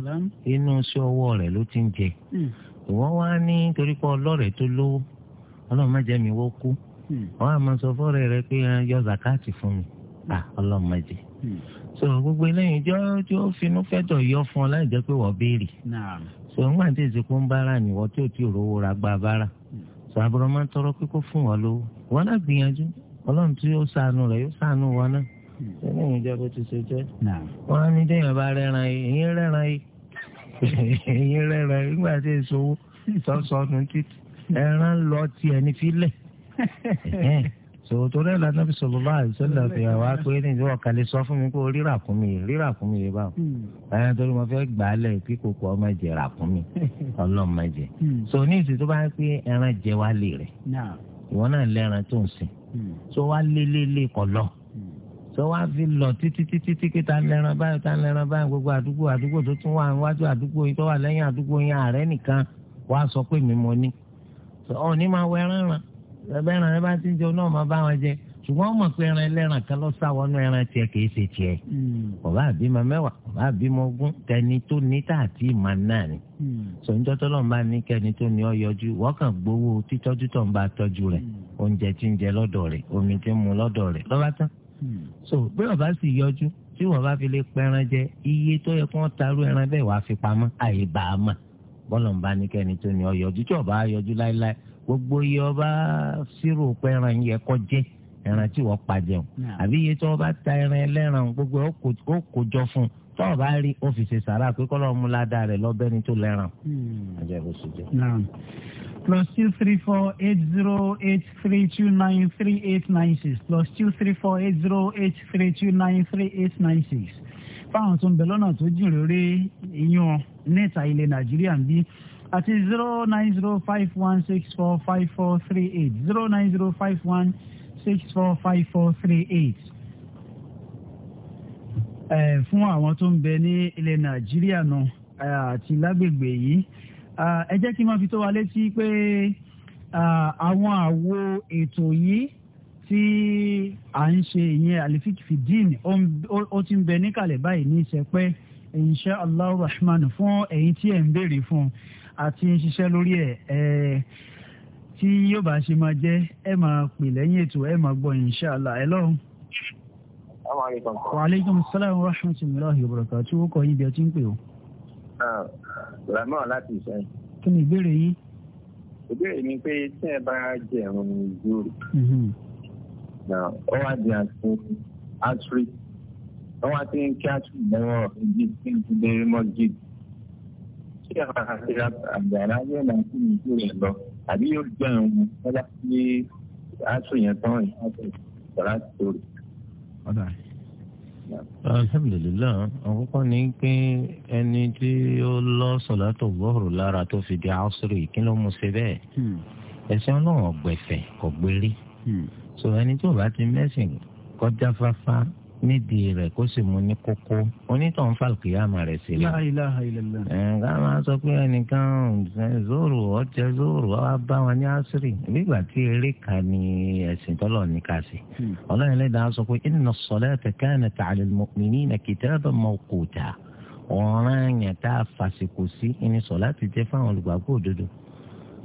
inú sí ọwọ́ rẹ̀ ló ti ń jẹ. Hmm. ìwọ́n wá ní torípa ọlọ́rẹ̀ tó lówó ọlọ́run má jẹ́ mi wọ́n kú. Hmm. wọ́n á máa ah, yọ zakati fún mi hmm. ah, ọlọ́run má jẹ́. so gbogbo eléyìí jọ tí ó finú fẹ́tọ̀ yọ fún ọ láì jẹ́ pé wọ́n àbúrò máa ń tọrọ pé kó fún wa lówó wọn náà gbìyànjú ọlọ́run tí yóò sànù rẹ̀ yóò sànù wa náà ẹni ìyẹn jẹ́ bó ti ṣe jẹ́ wọn á ní déyàn bá rẹ́ran yìí èyí rẹ́ran yìí èyí [LAUGHS] rẹ́ran yìí nígbà tí èso sọ́sọ́nù títí ẹran lọ tiẹ̀ ní fílẹ̀ [LAUGHS] So rẹ la nàbì sọlọ bá àìsọlẹ fìyà wá pé ní ìjọba kàlẹ sọ fún mi kó rírà kún mi rírà kún mi yé báwọn hmm. ẹyìn torí mo fẹ́ gbà á lẹ kí kòkó ọmọ jẹ rà kún mi [LAUGHS] Ọlọ́run má jẹ hmm. so ní ìsìn tó bá yẹ pé ẹran jẹ wá lè rẹ ìwọ náà lẹran tó ń sìn tó hmm. wá lélẹlẹ kọlọ tó wá fi lọ títí títí tí kí ta lẹran báyìí ta lẹran báyìí gbogbo àdúgbò àdúgbò tó tún wà níwájú àdúgbò yìí tó wà lẹ́yìn àdúgbò yìí ààrẹ nìkan wàá sọ pé mi mo ní ọ ní máa wẹ ẹran ràn ẹgbẹ́ ẹran ẹ bá ti ń jẹun náà máa bá wọn jẹ ṣùgbọ́n wọ́n mọ̀ pé ẹran ẹlẹ́ran kan lọ sá wọnú ẹran tiẹ̀ kì í ṣe tiẹ̀ ọ̀bá hmm. àbímọ mẹ́wàá ọ̀bá àbímọ ogún tẹni tó ní tààtì ìmọ̀ náà ni hmm. sọ̀njọ́ tọ́lọ́ bá ní kẹni tó ní ọ yọjú wọ́n kàn gbowó títọ́jú tó ń bá tọ́jú rẹ̀ hmm. oúnjẹ tí ń jẹ lọ́dọ̀ rẹ̀ omi tí ń mu lọ́dọ̀ rẹ̀ lọ́ba tán so bí ọba sì yọjú tí wọ́n bá fi lè pẹran jẹ iye tó yẹ kó taru tarú ẹran bẹ́ẹ̀ wàá fi pamọ́ àyè bàá mà bọ́lọ̀ ń bá ní kẹni tó ní ọ yọjú tí ọba yọjú láéláé gbogbo iye ọba sírò pé ẹran yẹ kọ́ jẹ́ ẹran tí wọ́n pa jẹun àbí iye tí wọ́n bá ta ẹran ẹlẹ́ran gbogbo ó kó jọ fún un tọ́ọ̀ bá rí ọ́fíìsì sàrà pé kọ́lọ́ mú ládàá rẹ̀ lọ́bẹ̀ ní tó lẹ́ràn. Hmm. àjẹbù sí jẹ. plus two three four eight zero eight three two nine three eight nine six plus two three four eight zero eight three two nine three eight nine six fáwọn tó ń bẹ lọ́nà tó jìn lórí iyún níta ilẹ̀ nàìjíríà ń bí àti zero nine zero five one six four five four three eight zero nine zero five one six four five four three eight. fún àwọn tó ń bẹ ní ilẹ̀ nàìjíríà náà àti lágbègbè yìí ẹ jẹ́ kí n máa fi tó wa létí pé àwọn àwo ètò yìí tí à ń ṣe ìyẹn alifik fidin ó ti ń bẹ níkàlẹ̀ báyìí ní ìṣẹ́pẹ́ insha allah rahman fún ẹ̀yin tí ẹ̀ ń béèrè fún un àti ń ṣiṣẹ́ lórí ẹ̀ ẹ̀ tí yóò bá ṣe máa jẹ́ ẹ máa pè lẹ́yìn ètò ẹ máa gbọ́ inshallah ẹ lọ́run. wa salaam wa rahmatulahi wa barakatuh tí ó kọ yín bí ẹ ti ń pè o. Ah, ramon láti ìṣẹ́yìn. kí ni ìbéèrè yín. ìbéèrè mi pé tí ẹ bá jẹ ìjòrò mm-hmm. ọ wá di àti àtúrí wá ti kí àtúrí lọ́wọ́ ìdí tí ń ti dé mọ́gìdì ṣé àwọn àṣírà àgbàrá yóò máa kí ni kí rẹ̀ lọ pé ẹni tí ó lọ sọ̀látò gbọ́rọ̀ lára tó fi di àṣírí kí ló mú ṣe bẹ́ẹ̀ hmm. ẹ̀sìn ọlọ́run ọ̀gbẹ̀fẹ̀ kò hmm. so ẹni tí ò bá ti mẹ́sìn kọjá fáfá nídìí rẹ̀ kó sì mú ní kókó onítọ̀hún fàlùkìyàmà rẹ̀ sí rẹ̀. ẹ̀ǹgá máa sọ pé ẹnìkan zoro ọ̀jẹ̀ zoro wá bá wọn ní àṣírí nígbà tí eré kan ní ẹ̀sìn tọ́lọ̀ ní ká sí. Hmm. ọlọ́run lẹ́dàá sọ pé inna as-salata kanat 'ala al-mu'minina kitaban mawquta ọ̀ràn yẹn tá a fàṣìkò sí ní sọ̀lá jẹ́ fáwọn olùgbàgbọ́ òdodo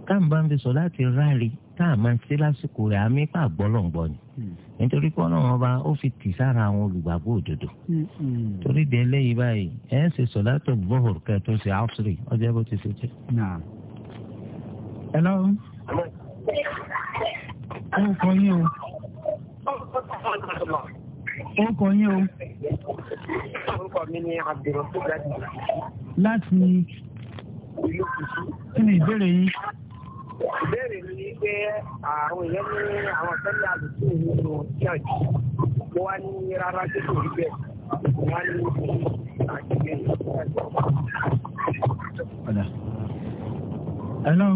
káàmbá ń fi sọ̀lá ti ráre tá a máa ń ṣe lásìkò rẹ̀ àmì pa àgbọ́lọ̀ngbọ́ ni hmm. nítorí pé ọlọ́run ọba ó fi tì sára àwọn olùgbàgbọ́ òdodo hmm, hmm. torí de eléyìí báyìí ẹ̀ ń ṣe sọ̀látò bọ́ọ̀rù kẹ́ tó ṣe áùsírì ọjọ́ bó ti ṣe jẹ́. hello ó kọ yín o ó kọ yín o. orúkọ mi ni abdulrasheed láti. láti. kí ni ìbéèrè yín ìbéèrè mi ni pé àwọn èèyàn ní àwọn sẹ́lẹ̀ àlùkù nínú ṣíàjì mo wá ní rárá tó kò rí bẹ́ẹ̀ mo wá ní àgbègbè ìgbàgbọ́. Hello.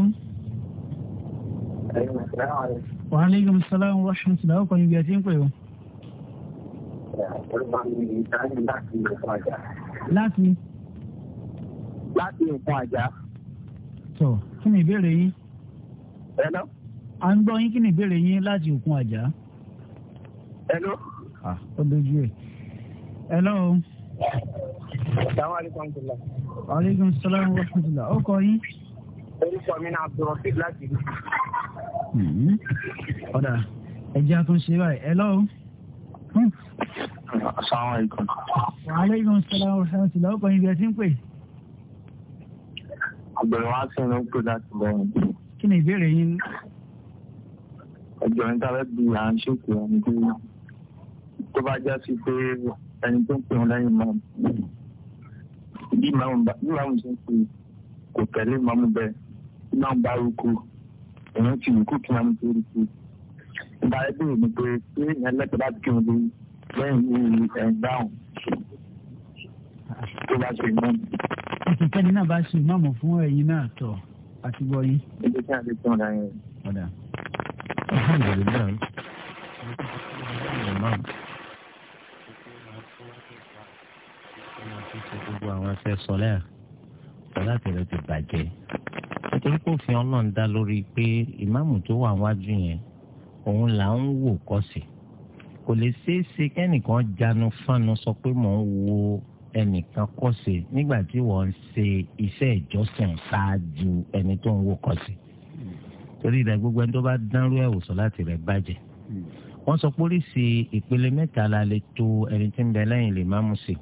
Wa alaikum salam wa rahmatullahi wa barakatuh. Ibi àti ń pè o. Láti. Láti nǹkan àjà. Sọ, kí ni ìbéèrè yìí? Hello. à ń gbọ́ yín kí ni ìbéèrè yín láti òkun àjà. Hello. ó dojú ẹ̀. Hello. salaamaleykum. aleykum salaam wa rahmatulah. ó kọ yín. orúkọ mi náà abdulrasheed láti rí. Hmm. ọ̀dà ẹ̀jẹ̀ àtúnṣe báyìí. Hello. Hmm. Asalaamualeykum. Waaleykum salaam wa rahmatulah. Ó kọ yín bí ẹ ti ń pè. Abdulwasi ló ń pè láti bọ̀ wọn kí ni ìbéèrè yín. ẹjọ́ ní tàbí bí à ń ṣètò ẹni tó tó bá já sí pé ẹni tó ń pè wọn lẹ́yìn máa bí màmú ṣe ń pè kò tẹ̀lé màmú bẹ́ẹ̀ bí màmú bá rúkú èèyàn ti rúkú kí màmú tó rúkú. ìgbà ẹgbẹ́ mi pé pé ẹlẹ́tọ̀ọ́ láti kí wọn lóyún lẹ́yìn ẹ̀ńdáhùn tó bá ṣe mọ́. ẹ̀sìn náà bá ṣe mọ́mọ́ fún ẹ̀yin náà tọ̀ àti gbọ́ yín. ẹgbẹ́ tí a lè tán ọ̀dà yẹn. ọ̀dà alhamdulilayi imam gbogbo àwọn ẹsẹ sọlẹ sọlá tẹlẹ ti bàjẹ́ nítorí kó fi ọlọ́run dá lórí pé ìmáàmù tó wà wájú yẹn òun là ń wò kọ́sì kò lè ṣeé ṣe kẹ́nìkan jánu fánu sọ pé mò ń wo ẹnìkan kọ́ sí nígbà tí wọ́n ń ṣe iṣẹ́ ìjọsìn ṣáájú ẹni tó ń wò kọ́ sí torí ìdá gbogbo ẹni tó bá dánrú ẹ̀ wò rẹ̀ bàjẹ́ wọ́n sọ pólíṣì ìpele mẹ́ta la lè tò ẹni tí ń bẹ lẹ́yìn lè máàmù sí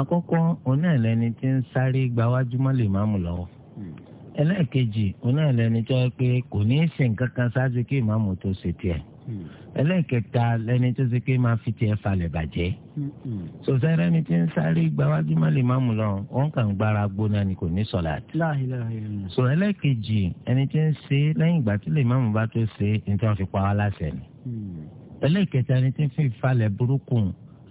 àkọ́kọ́ oní ẹ̀lẹ́ni tí ń sáré gbawájú mọ́ lè máàmù lọ́wọ́ hmm. ẹlẹ́ẹ̀kejì oní ẹ̀lẹ́ni tó yẹ pé kò ní í ṣe nǹkan kan ṣáájú kí ìmáàmù sọsẹrẹ ni tí ń sáré gbawájú má lè má mú lọ wọn kàn gbára gbóná ni kò ní sọlá tí. sọ ẹlẹ́kejì ẹni tí ń ṣe lẹ́yìn ìgbà tí lè má mú bá tó ṣe ní tí wọ́n fi pa wá láṣẹ ni. Hmm. ẹlẹ́kẹta ẹni tí ń fi falẹ̀ burúkú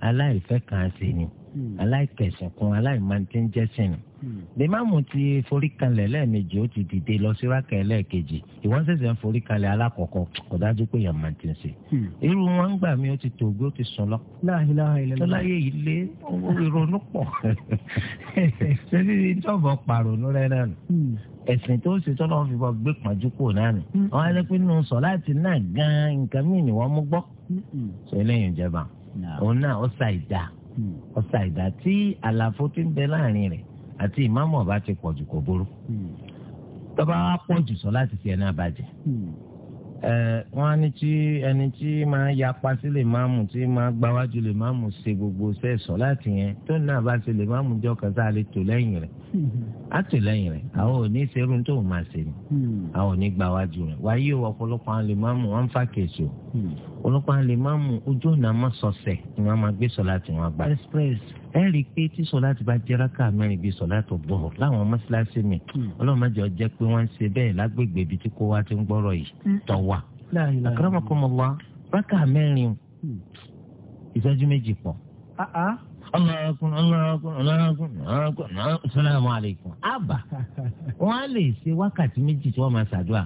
aláìfẹ́ kan ṣe ni. Hmm. aláìkẹsìnkún aláìmọ̀tẹ́ńjẹ́sìn hmm. bímáàmù ti forí kanlẹ̀ lẹ́ẹ̀mejì ó ti dìde lọ sí rákẹ́ lẹ́ẹ̀kejì ìwọ́n ṣẹ̀ṣẹ̀ ń forí kanlẹ̀ alákọ̀ọ́kọ́ kò dájú pé yàn máa ti ń ṣe. irú wọn ń gbà mí ó ti tòògbé ó ti sùn lọ. tọ́láyé yìí lé ìrònú pọ̀ ṣẹ́ni ìjọba pàrònú rẹ̀ náà hmm. ẹ̀sìn tó ṣe tọ́lọ́ fi bọ́ gbé pọ́njú kò náà nì. wọ́n á lé pé nù sọ láti náà gan nǹkan míì ni wọ́n mú gbọ́. ṣe lẹ́yìn ìjẹba òun náà ó sa ìdá Hmm. ọ̀sà ìdá tí àlàfo ti ń bẹ láàrin rẹ̀ àti ìmáàmù ọ̀bá ti pọ̀jù kò burú hmm. tọ́ba wa pọ̀jù sọ láti fi ẹ̀ náà hmm wọ́n á ní tí ẹni tí máa yapa sí lè máa mú tí máa gbáwájú lè máa mú ṣe gbogbo sẹ́sọ̀ láti yẹn tó náà bá ṣe lè máa mú jọ kan lè tò lẹ́yìn rẹ̀ á hmm. tò lẹ́yìn rẹ̀ àwọn ò ní ṣerú tó máa ṣe ni hmm. àwọn ò ní gbáwájú rẹ̀ wáyé o ọ̀pọ̀lọpọ̀ àwọn lè máa mú wọn fà kèsì o hmm. ọ̀pọ̀lọpọ̀ àwọn lè máa mú ojú ọ̀nà mọ́sọ̀ọ̀sẹ̀ ni wọ́n máa gbé sọ láti wọn gbà. express ẹ rí i pé tí sọlá ti bá jẹ́ rákà mẹ́rin bíi sọlá tó bọ̀ láwọn mọ́ṣáláṣí mi hmm. ọlọ́mọdé ọjẹ́ pé wọ́n ń ṣe bẹ́ẹ̀ lágbègbè ibi tí kò wá ti ń gbọ́rọ̀ yìí hmm. tọ̀ wá. akramakumullah rákà mẹ́rin hmm. ìṣẹ́jú méjì pọ̀. Ọlọ́run ọlọ́run ọlọ́run ọlọ́run sọláàmù àlẹ́kùn. Àbà [LAUGHS] wọ́n á lè ṣe wákàtí méjì tí wọ́n máa ṣàdúrà.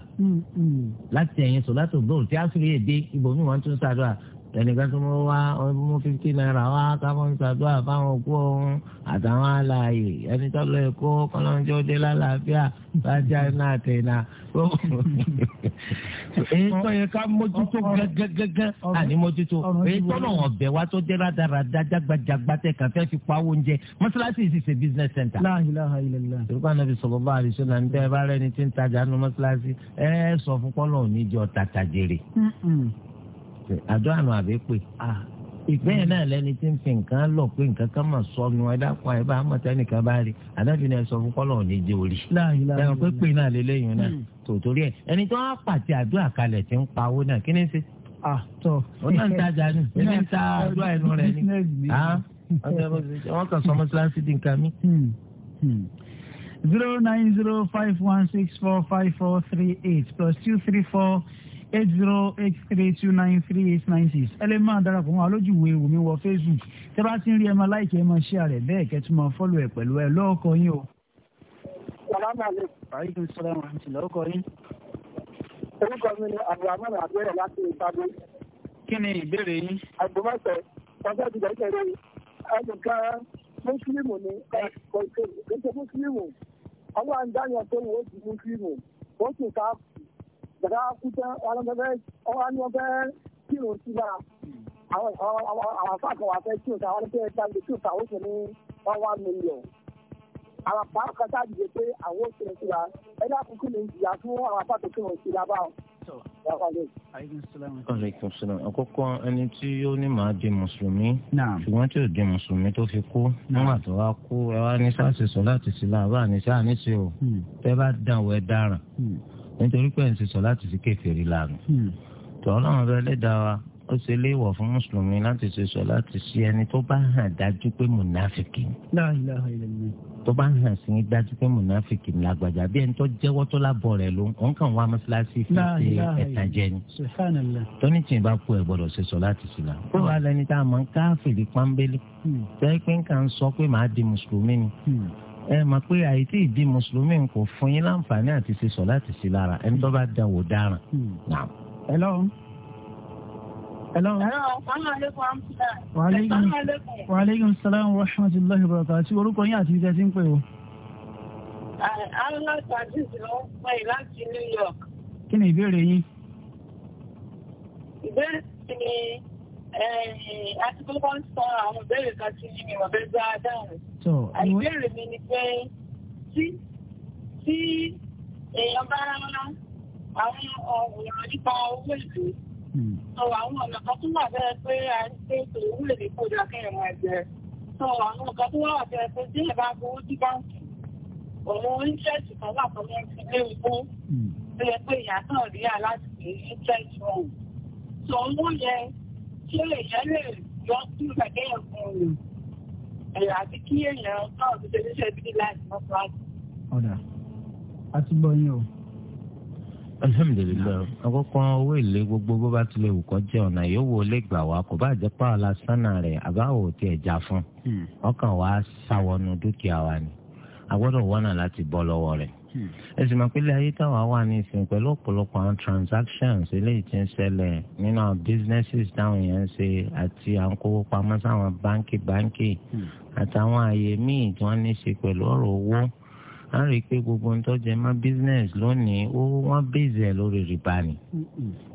Láti ẹ̀yìn sọ̀lá tó gbòòrò tí a sì rí èdè ibòmí wọn tún ṣàdúrà ẹnìkan tó mọ wá ọmọ fifty naira wá káfọ́n ṣàdúrà fáwọn òkú ọ̀hún àtàwọn àlàyé ẹni tó lọ èkó kọ́lọ́njọ́ dé lálàáfíà bájá iná àtẹ̀nà. [LAUGHS] èyí tó yẹ ká mójútó gẹ́gẹ́gẹ́gẹ́ àní mójútó èyí tó lọ wọ̀n bẹ̀ wá tó dé rádaràdá jágbajàgba kàfẹ́ fi pa oúnjẹ mọ́ṣáláṣí sì ṣe business center. La ilaha illallah. turkey anabi sallallahu àdó àná àbí pè ìpẹ́yìn náà lẹni tí ń fi nǹkan lọ pé nǹkan kan mà sọnù ẹ dákun ẹ bá mọ̀ tẹ́nìkan bá rí adájúni ẹ sọ fún kọ́lọ̀ ò ní jẹ orí ẹ̀rọ pé pè náà lélẹ́yìn náà hmm. tòótórí ẹ̀ ẹni tó wá pàtẹ àdó àkàlẹ̀ tí ń pawó náà kí ni ṣe. àtọ̀ ó náà ń tajà ní ó náà ń ta àdó àìnú rẹ̀ ni wọ́n kàn sọ mọ́ṣáláṣí di nǹkan hmm. Hmm. zero nine zero five one six four five four three eight plus two three four eight zero eight three two nine three eight nine six alójúwe omi wọ facebook tẹ́ bá ti ń rí ẹ máa láìkí ẹ máa share rẹ̀ bẹ́ẹ̀ kẹ́ tún máa follow ẹ̀ pẹ̀lú ẹ lọ́ọ̀kọ́ yín o. salaamaleykum. aleykum salaam wa rahmatulah ọkọ yín. orúkọ mi ni abdulhamid abdulhamid láti ìpàdé. kí ni ìbéèrè yín. àgbọ̀mọ̀sẹ̀ ọjọ́ ìdìbò ìkẹrẹ ẹnìkan mùsùlùmù ni kò ṣe mùsùlùmù ọwọ́ àǹdáyàn tó wò ó di mùsùlùmù ó sì ká gbàdá kú tán wọn fẹ́ wọn ni wọn fẹ́ kírun sí lára àwọn àwọn àfáàkàn wà fẹ́ kírun táwọn fẹ́ dágbé kírun táwọn sì ní wọn wá mílíọ̀n àwọn àfáà kan sáà dìde pé àwọn òṣèré sí fún àwọn àfáà tó kírun sí lábá o. Aleykum salaam. Àkọ́kọ́ ẹni tí ó ní màá di Mùsùlùmí. Ṣùgbọ́n tí ò di Mùsùlùmí tó fi kú. Nígbà tó wá kú ẹ wá ní sáàsì sọ láti sí la, àbá ní sáà ní sí o. Hmm. Tẹ́ bá dàn wọ dáràn. Hmm nítorí pé ń ṣe sọ láti fi kékeré lànà tọ́lá àwọn ọ̀rẹ́ ẹlẹ́dàá wa ó ṣe léèwọ̀ fún mùsùlùmí láti ṣe sọ láti ṣe ẹni tó bá hàn dájú pé mùnáfìkì ni tó bá hàn sí dájú pé mùnáfìkì ni lágbàjá bí ẹni tó jẹ́wọ́ tó lábọ̀ rẹ̀ ló ń kàn wá mọ́ṣáláṣí fi ẹ̀tàn jẹ ni tóní tì bá kú ẹ̀ gbọ́dọ̀ ṣe sọ láti ṣe là ó wà lẹni tá a mọ̀ ń káfìrí pọ́nbélé hmm. tẹ́ pé ń kà ń sọ pé màá di mùsùlùmí ni hmm ẹ mọ̀ pé àìtí ìdí mùsùlùmí kò fún yín láǹfààní àti ṣe sọ láti ṣe lára ẹni tó bá dán wò dáràn. hello. hello. wa aleykum salaam wa rahmatulahi wa barakatuh orúkọ yín àti ibi tí ń pè o. arnold aziz ló ń pè láti new york. kí ni ìbéèrè yín. ìbéèrè ni àti tó bá ń sọ àwọn ìbéèrè kan sí ní ìwọ̀n bẹ́ẹ̀ bá dáhùn àìbéèrè mi ni pé tí tí èèyàn bá àwọn ọ̀rọ̀ nípa owó ìlú sọ hmm. àwọn ọ̀nà kan tó wà bẹ́ẹ̀ pé a ń gbé ètò owó èlé kó dà kẹ́yìn wọn sọ àwọn kan tó wà bẹ́ẹ̀ pé tí bá gbowó sí báńkì òun oníṣẹ́ẹ̀sì kan wà fún wọn ilé owó tó hmm. yẹ pé ìyá náà rí aláṣẹ ìṣẹ́ẹ̀sì ọ̀hún sọ owó yẹ ṣé èèyàn lè yọ sí ìgbàgbé ẹ̀kọ́ àti kí èèyàn náà ti ṣe níṣẹ́ bíi láì mọ́ fúláàtì. ọ̀dà a ti gbọ́ yín o. alhamdulilayi àkọ́kọ́ owó èlé gbogbo bó bá tilẹ̀ wù kó jẹ́ ọ̀nà yòówó lè gbà wá kó bá jẹ́ pààlà lásánà rẹ̀ àbáwò tí ẹ̀ já fún hmm. ọkàn wa sáwọnú dúkìá wa ni a gbọ́dọ̀ wọ́nà láti bọ́ lọ́wọ́ rẹ̀ hmm. ẹsìn máa pélé ayé táwa wà ní ìsìn pẹ̀lú ọ̀pọ̀lọpọ̀ àwọn transactions eléyìí tí ń ṣẹlẹ̀ nínú àwọn businesses táwọn èèyàn ń ṣe àti à ń kówó pamọ́ sáwọn báńkì báńkì hmm àtàwọn àyè míì tí wọ́n ní í ṣe pẹ̀lú ọ̀rọ̀ owó a rí i pé gbogbo ń tọ́jú má business lónìí ó wọ́n bèzè lórí rìbá ni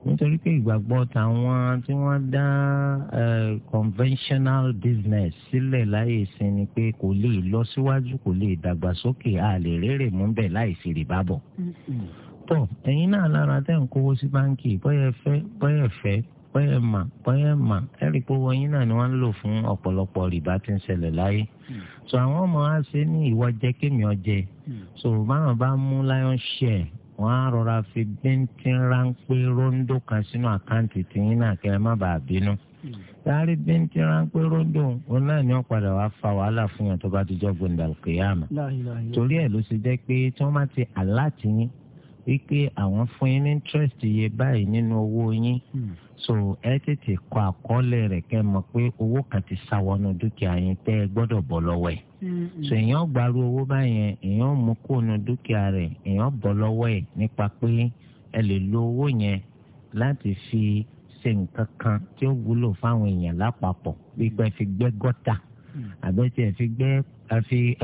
nítorí pé ìgbàgbọ́ tàwọn tí wọ́n dá conventional business sílẹ̀ láyè sí ni pé kò lè lọ síwájú kò lè dàgbàsókè a lè rérè mú bẹ́ẹ̀ láì sí rìbá bọ̀. tọ́ ẹ̀yin náà lára tẹ́ ń kówó sí báńkì bọ́yẹ̀ fẹ́ bọ́yẹ̀ fẹ́ pẹ́yẹ mà pẹ́yẹ mà ẹ̀rí pé owó yín náà ni wọ́n ń lò fún ọ̀pọ̀lọpọ̀ rìbá tí ń ṣẹlẹ̀ láyé hmm. so àwọn ọmọ wa ṣe ní ìwọ jẹ kémi ọjẹ hmm. so báwọn bá mú lion share wọn á rọra fi bíntín ráńpẹ́ róńdó kan sínú àkáǹtì tìyín náà kẹ́ ẹ má bàa bínú sáré hmm. bíntín ráńpẹ́ róńdó òun náà ni wọ́n padà wá fa wàhálà fún yàn tó bá ti jọ gbòǹdà òkè so ẹ tètè kọ àkọọ́lẹ̀ rẹ̀ kẹ́ mọ̀ pé owó kan ti sá wọnú dúkìá yẹn tẹ́ ẹ gbọ́dọ̀ bọ́ lọ́wọ́ ẹ̀. so èèyàn gbaru owó báyẹn èèyàn mú kóònù dúkìá rẹ̀ èèyàn bọ́ lọ́wọ́ ẹ̀ nípa pé ẹ lè lo owó yẹn láti fi ṣe nǹkan kan tí ó wúlò fáwọn èèyàn lápapọ̀ gbígbẹ́ fi gbẹ́ gọ́tà Hmm. àgbẹ̀tì ẹ̀ fi gbẹ́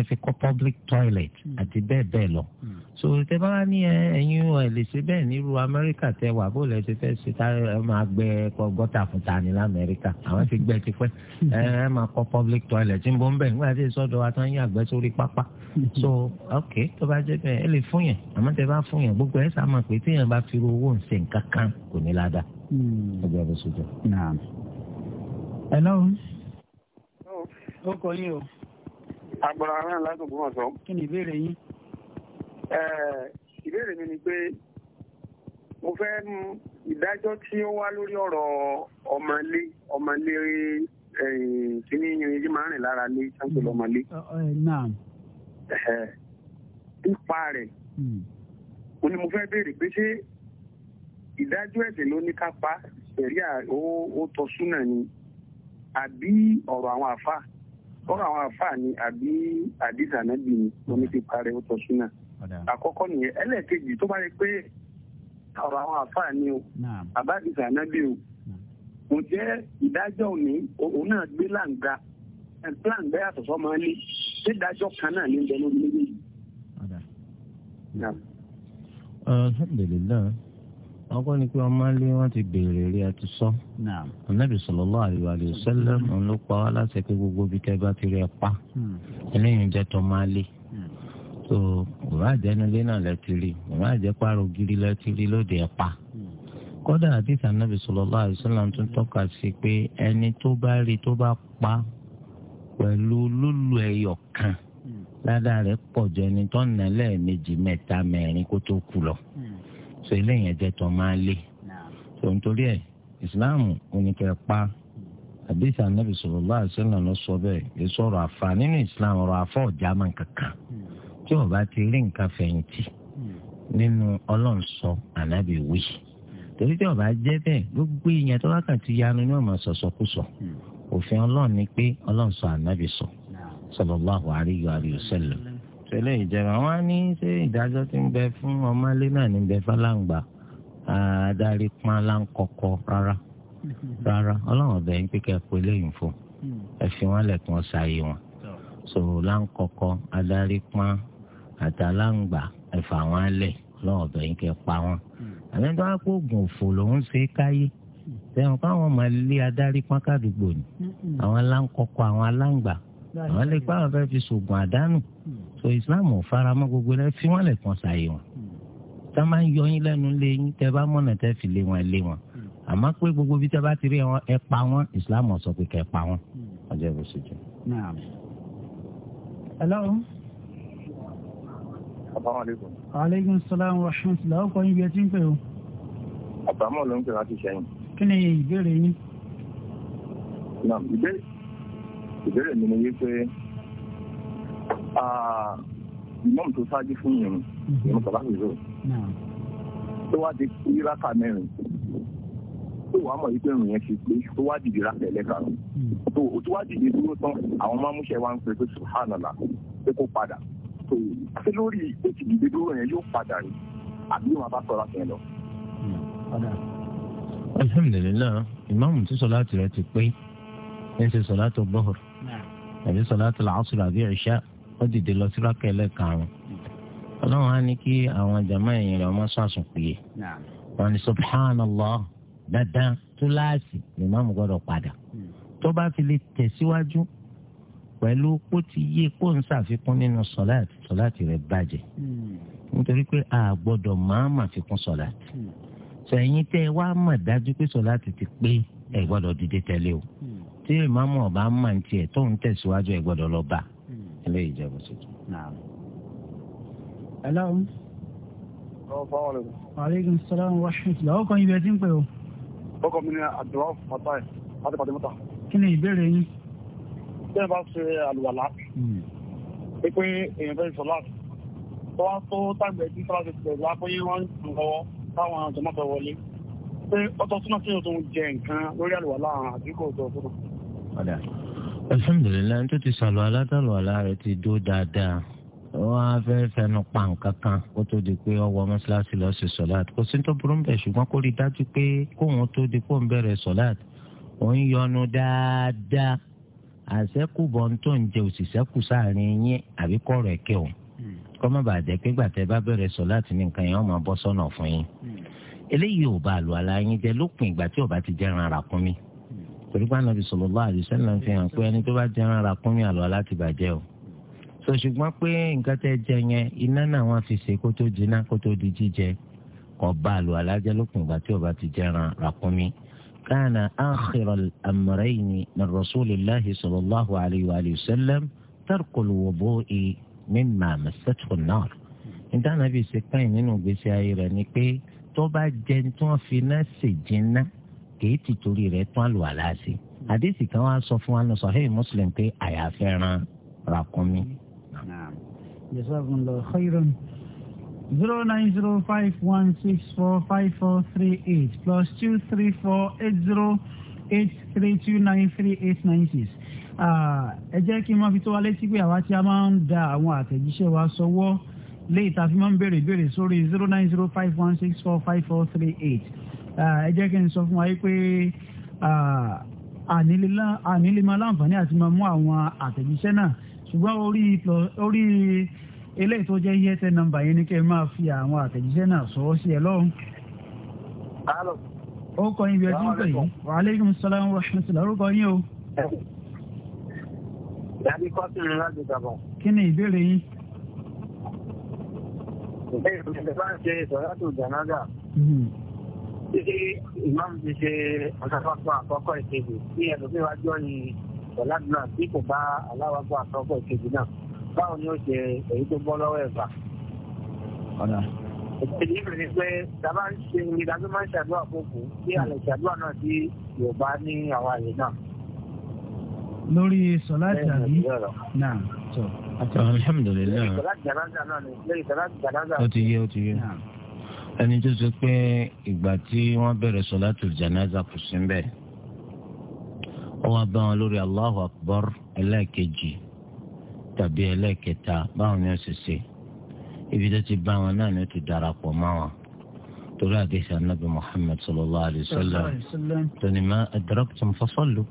àfi kọ́ public toilet hmm. àti bẹ́ẹ̀ bẹ́ẹ̀ lọ. Hmm. so tẹ bá wá ní ẹ̀yin ẹ lè ṣe bẹ́ẹ̀ nílùú amẹ́ríkà tẹ wà bó lẹ ti fẹ́ ṣe tá ẹ máa gbẹ́ kọ́ gọ́tà fún tani lamẹ́ríkà àwọn ti gbẹ́ tipẹ́ ẹ máa kọ́ public toilet tí n bọ́ ń bẹ̀ nígbà tí sọ́dọ̀ wa tán yín àgbẹ̀ sórí pápá. so ok tó bá jẹ́ bẹ́ẹ̀ ẹ lè fún yẹn àmọ́ tẹ bá fún yẹn gbogbo ẹ̀ sá mọ̀ pé téèyàn bá fi owó ń ṣe nǹkan kan kò ní ládàá. ẹ ó kọ yín o. agbára aráàlú látò gbọ́n sọ. kí ni ìbéèrè yín. ìbéèrè mi ni pé mo fẹ́ ìdájọ́ tí ó wá lórí ọ̀rọ̀ ọmọlé ọmọlé kíní irinjú máa ń rìn lára lé sáńpẹ̀ lọ́mọlé. nípa rẹ̀ mo hmm. ni mo fẹ́ béèrè pé ṣé ìdájọ́ ẹ̀sìn ló ní ká pa ṣẹ̀ríà ó tọ́ súnà ni àbí ọ̀rọ̀ àwọn àfáà ọ̀rọ̀ àwọn àfáà ni àbí àdìsá nábì ni wọn ní ti parẹ́ ó tọ́ súnà àkọ́kọ́ nìyẹn ẹlẹ́ẹ̀kejì tó bá yẹ pé ọ̀rọ̀ àwọn àfáà ni o àbá àdìsá nábì o kò jẹ́ ìdájọ́ òní òun náà gbé láǹgbà láǹgbà yàtọ̀ sọ́mọ ní dídájọ́ kan náà ní bẹ́ẹ̀ lórí méjèèjì. alhamdulilayi ọkọ ni pé ọmọ ilé wọn ti béèrè rí ẹtù sọ ọ̀nàbì sallallahu alaihi wa sallam òun ló pa wá láti pé gbogbo bí tẹ́ bá ti rí ẹ pa hmm. eléyìí jẹ́ tọ́ máa lé hmm. so bàbá àjẹnulé náà lẹ ti rí bàbá àjẹpàrọ̀ gírí lẹ ti rí lóde ẹ pa hmm. kódà àdìsá nàbì sallallahu alaihi wa sallam tó tọ́ka sí pé ẹni tó bá rí tó bá pa pẹ̀lú lúlù ẹyọ kan ládàá rẹ̀ pọ̀ sọ eléyìí ẹ̀jẹ̀ tó máa lé tó ń torí ẹ̀ ìsìláàmù oníkẹ́ pa àdéhìí anábì sọ̀rọ̀ láàrin sẹ́nà lọ sọ ọrọ àfa nínú ìsìláàmù ọ̀rọ̀ àfọ̀ ọ̀jàmà kankan tí ti rí nǹkan hmm. nínú ọlọ́nsọ anábì wí hmm. torí tí gbogbo ìyẹn tó wákàtí yanu ni wọ́n hmm. òfin ni pé sọ anábì sọ sallallahu tẹ́lẹ̀ ìjẹba wọn á ní ṣé ìdájọ́ tí ń bẹ fún ọmọlé náà ní bẹ fálàǹgbà adarí pọn aláǹkọ̀kọ̀ rárá rárá ọlọ́run ọ̀bẹ yín pé kẹ́ ẹ pé lẹ́yìn fún ẹ wọn lẹ̀kùn ṣàyè wọn so láǹkọ̀kọ̀ adarí pọn àtàláǹgbà ẹ fà wọn lẹ̀ ọlọ́run ọ̀bẹ yín kẹ́ ẹ pa wọn. àmì tó wá pé oògùn òfò lòún ṣe é káyé tẹ̀wọ̀n káwọn máa lé adarí pọn kádùgbò ni àwọn aláǹkọ̀kọ̀ àwọn aláǹgbà àwọn lè pa àwọn fẹ́ẹ́ fi ṣoògùn àdánù so islam ò fara mọ́ gbogbo rẹ̀ fi wọ́n lè kàn ṣàyè wọn tá a máa ń yọ yín lẹ́nu lé yín tẹ́ bá mọ̀nà tẹ́ fi lé wọn lé wọn àmọ́ pé gbogbo bí tẹ́ bá ti rí wọn ẹ pa wọn islam ò sọ pé kẹ́ pa wọn ọjọ́ ìbò sì jù. hello. asalaamualeykum. aleykum salaam wa rahmatulah ọkọ yín bí ti ń pè o. àbámọ̀ ló ń pè láti sẹ́yìn. kí ni ìbéèrè yín. ìbéèrè ìbéèrè mi ni wípé ìmọ̀mù tó ṣáájú fún yìnyín ìmọ̀ bàbá ìró tó wá di ìrákà mẹ́rin tó wàá mọ̀ wípé ìrìn yẹn ti pé tó wá dìde rákà ẹlẹ́karùn hmm. tó o tó wá dìde dúró tán àwọn máa wa ń pè pé subhanallah pé kó padà tó ṣé lórí ètò ìdìde dúró yẹn yóò padà rí àbí wọn bá sọ láti yẹn lọ. Hmm. alhamdulilayi imaamu tí sọlá tirẹ̀ ti pé ẹ ń àbí sọláàtì làásùrù àbí ìṣá ó dìde lọ sí rákà ẹlẹ́karùn-ún ọlọ́run á ní kí àwọn jàmá ẹ̀yìn rẹ̀ ọmọ sàṣùn pè é wọn ni subhanallah dandan túláàsì ni màmú gbọ́dọ̀ padà hmm. tó bá fi lè tẹ̀síwájú pẹ̀lú kó ti yé kó ń ṣàfikún nínú sọláàtì sọláàtì rẹ̀ bàjẹ́ hmm. nítorí pé a gbọ́dọ̀ máa mà fikún sọláàtì sọ hmm. tẹ́ ẹ mọ̀ dájú pé sọláàtì ti pé ẹ gbọ́dọ̀ dìde tẹ̀lé o. Mm tí ìmáàmù ọba máa ń tiẹ̀ tó ń tẹ̀síwájú ẹ̀ gbọ́dọ̀ lọ bá ilé ìjẹun ṣètò. hello. aleykum salaam wa rahmatulah ọkọ ibi ẹ ti ń pè o. ọkọ mi ni àdúrà fatai láti pàdé mọ́ta. kí ni ìbéèrè yín. bí ẹ bá ṣe àlùwàlá hmm. pé pé èèyàn fẹ́ sọ láti tó wá tó tàgbẹ̀ tí sọ́lá ti tẹ̀ lápẹ́yẹ wọn ń tàn lọ́wọ́ táwọn àjọmọ́ fẹ́ wọlé pé ọtọ́ túnmọ̀ sí ọ̀tún jẹ nǹkan lórí àlùwàlá àdúgbò ọ̀tọ̀ ọ̀tọ̀ ọ̀dà. alhamdulilayi tó ti sàlù aládàlù àlá rẹ ti dó dáadáa wọn á fẹ́ fẹnu pa nǹkan kan kó tó di pé ọwọ́ mọ́ṣáláṣí lọ́ọ́ ṣe sọ̀láàtì kò sí tó burú bẹ̀ ṣùgbọ́n kó rí i dájú pé kóun tó di kóun bẹ̀rẹ̀ sọ̀láàtì òun yọnu dáadáa àṣẹkùbọ̀ tó ń jẹ òṣìṣẹ́ kù sáàrin yín àbí kọ̀rọ̀ ẹ̀kẹ́ o kọ́ má bàa jẹ́ pé gbàtẹ́ bá bẹ̀rẹ̀ sọ̀láàtì ní nǹkan yẹn wọ́n máa bọ́ sọ́nà fún yín eléyìí ò bá àlọ́ àlá yín jẹ lópin ìgbà tí ò bá ti jẹ́ ran ara kún mi torí pé ànábì sallallahu alaihi wasallam fi hàn pé ẹni tó bá jẹran ara kún mi àlọ́ láti bàjẹ́ o sọ ṣùgbọ́n pé nǹkan tẹ́ jẹ yẹn iná náà wọ́n fi ṣe kó tó jiná kó tó di jíjẹ kò àlọ́ alájẹ́ lópin ìgbà tí ó ti jẹran ara kún mi. كان آخر الأمرين من رسول الله صلى الله عليه وآله وسلم ترك الوضوء مما مسته النار níta nàbì ṣe pẹ́yìn nínú ìgbésí ayé rẹ̀ ni pé tó náà ṣèjìnná kìí ti torí rẹ̀ tún àlùwàlá sí àdéhùn kan wá sọ fún wa lọ Sahih Muslim pé àyàfẹ́ ran ràkúnmí. jazakumullahu khairan zero nine zero five one six four five four three eight plus two three four eight zero eight three two nine three eight nine six. ẹ jẹ́ kí n máa fi tó wa létí pé àwa tí a máa ń da àwọn àtẹ̀jíṣẹ́ wa sọ́wọ́ léyìí tá a fi máa ń béèrè ìbéèrè sórí zero nine zero five one six four five four three eight ẹ jẹ́ kí n sọ fún wa yìí pé ànílémọ́ láǹfààní àti máa mú àwọn àtẹ̀jíṣẹ́ náà ṣùgbọ́n orí eléyìí tó jẹ́ yẹ́tẹ̀ nọ́mbà yẹn ni kẹ́ ẹ máa fi àwọn àtẹ̀jíṣẹ́ náà sọ̀rọ̀ sí ẹ Alọ. ó kọ ibi yín o. yàrá ikọ́ sí mi láti kí ni ìbéèrè yín. ìbéèrè mi ti bá ń ṣe ìsọ̀rọ̀ títí ìmáàmù ti ṣe ọ̀sánfàfọ́ àkọ́kọ́ ìkejì tí ẹlòmíín wájú ọ̀yìn ọ̀làdúnà tí kò bá aláwàgbọ́ àkọ́kọ́ ìkejì náà báwo ni ó ṣe èyí tó bọ́ lọ́wọ́ ẹ̀fà. ọ̀nà. èyí rẹ̀ ni pé dábà ń ṣe ìdájọ́ máa ń ṣàdúrà fòkù tí àlẹ́ ṣàdúrà náà sí Yorùbá ní àwọn àyè náà. lórí sọláàtì àbí náà náà ni ẹni tó ṣe pé ìgbà tí wọ́n bẹ̀rẹ̀ sọ̀látù janaza kò sí ń bẹ̀ ó wá bá wọn lórí Allahu Akbar ẹlẹ́ẹ̀kejì tàbí ẹlẹ́ẹ̀kẹta báwọn ni ó ṣe ṣe ibi tó ti bá wọn náà ni ó ti darapọ̀ mọ́ wọn torí àdéhùn anábì Muhammad sallallahu alayhi wa sallam tóní ma adraktum fasallu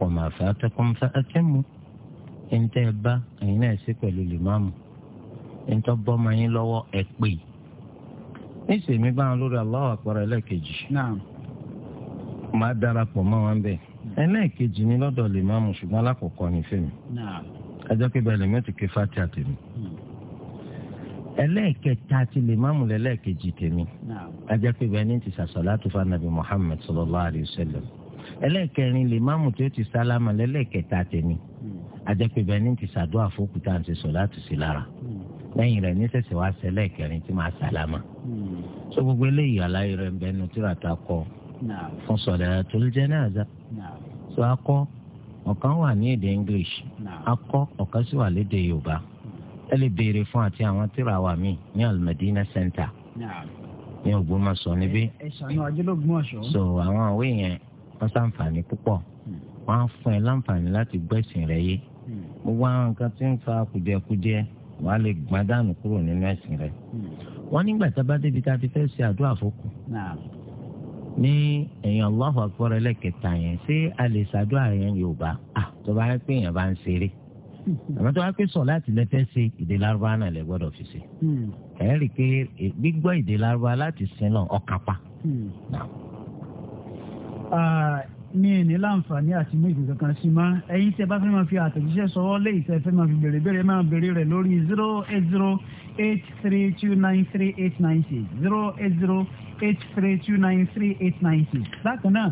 wa ma fatakum fa atimmu ẹ̀ńtẹ́ ẹ bá ẹ̀yin náà ṣe pẹ̀lú lìmáàmù ẹ̀ńtọ́ bọ́ ọmọ yín lọ́wọ́ ẹ̀ pè é níṣẹ́ mi bá wọn lórí aláwọ̀ àpẹẹrẹ ẹlẹ́ẹ̀kejì máa darapọ̀ mọ́ wọn bẹ́ẹ̀ ẹlẹ́ẹ̀kejì ni lọ́dọ̀ lè máa mú ṣùgbọ́n alákọ̀ọ́kọ́ ni fẹ́mi ẹjọ́ pé bẹ́ẹ̀ lèmi ò ti ké fati àtẹ̀mí ẹlẹ́ẹ̀kẹta ti lè máa mú lẹ́lẹ́ẹ̀kejì tèmi ẹjọ́ pé bẹ́ẹ̀ ni ti sàṣọ̀látù fún anabi Muhammad sallallahu alayhi wa sallam ẹlẹ́ẹ̀kẹrin lè máa mú tí ó ti sálámà lẹ́lẹ́ẹ̀kẹta tèmi ẹjọ́ pé bẹ́ẹ̀ ni ti sàdúrà fún òkúta àti sọ̀látù sí lára hmm. lẹ́yìn so gbogbo eléyìí àlàyé rẹ̀ ń bẹ nu tíra ta kọ fún solatul janaza so akọ ọ̀kan wà ní èdè English akọ ọ̀kan sì wà lédè Yorùbá ẹ lè béèrè fún àti àwọn tíra wa mi ní Al-Madina Center ní Ògbómọ̀ṣọ́ níbí so àwọn àwé yẹn wọ́n ṣàǹfààní púpọ̀ hmm. wọ́n á fún ẹ láǹfààní láti gbẹ̀sìn rẹ yé hmm. gbogbo àwọn nǹkan tí ń fa kùdìẹ̀kudiẹ wàá lè gbọ́n kúrò nínú ẹ̀sìn rẹ. Hmm wọ́n nígbà tá a bá débi tá a ti fẹ́ ṣe àdúrà fókù ní ẹ̀yìn Allahu Akbar ẹlẹ́kẹta yẹn ṣé a lè ṣàdúrà yẹn Yorùbá tó bá yẹ pé èèyàn bá ń ṣeré hmm. àmọ́ tó bá pé sọ láti lẹ́fẹ́ ṣe èdè lárúbá náà lẹ gbọ́dọ̀ fi ṣe hmm. ẹ̀ rí i pé gbígbọ́ èdè lárúbá láti sin náà ọ̀kápá ní ẹni láǹfààní àti mú ìgbìgbà kan sí ma ẹ̀yin tí ẹ bá fẹ́ máa fi àtẹ̀jíṣẹ́ sọ́wọ́ léyìí tẹ́ fẹ́ máa fi bèrè bèrè máa bèrè rẹ̀ lórí zero eight zero eight three two nine three eight nine six zero eight zero eight three two nine three eight nine six. bákan náà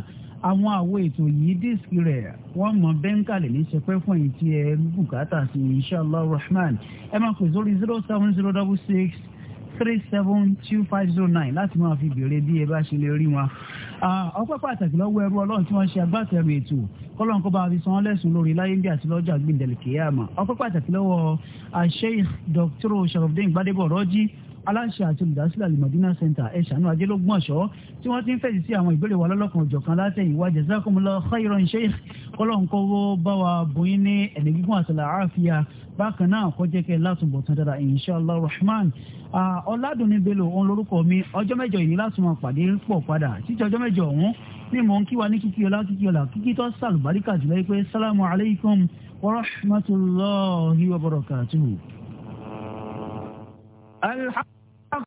àwọn àwo ètò yìí díìsì rẹ̀ wọ́n mọ bẹ́ńkàlì ní sẹpẹ́ fún èyí tí ẹ bùkátà sí inshallah rahman ẹ máa pè sórí zero seven zero double six three seven two five zero nine láti máa fi béèrè bí ẹ bá ṣe lè rí wọn. ọpẹ́ pàtàkì lọ́wọ́ ẹrú ọlọ́run tí wọ́n ṣe agbátẹrù ètò kọ́lọ́n kó bá a fi san lẹ́sùn lórí láyé bí àti lọ́jọ́ àgbéǹdẹ̀lẹ̀ kéèyàn mọ̀ ọpẹ́ pàtàkì lọ́wọ́ Sheikh Dr. Sharafdin Gbadebo Rọ́jí aláṣẹ àti olùdásílẹ̀ alimadina center ẹ̀ṣánú ajẹ́lógbọ̀nsọ́ tí wọ́n ti ń fèsì sí àwọn ìbéèrè wa lọ́lọ́kan òjọ̀kan látẹ̀yìnwá jazakumullahu khairan sheikh kọ́lọ́nkọ́wọ́ bá wa bóyin ní ẹ̀mí gígùn àtàlà àáfíà bákan náà kọjá kẹ látúbọ̀ tán dára inshallah rahman ọ̀làdùnní bello òun lórúkọ mi ọjọ́ mẹ́jọ yìí láti máa pàdé pọ̀ padà títí ọjọ́ mẹ́jọ ọ̀hún ní mò ń kí wa ní kíkí ọlá kíkí ọlá kíkí tó sàlùbáríkà jùlọ pé sálámù aleykum wa rahmatulahi wa barakatuhu.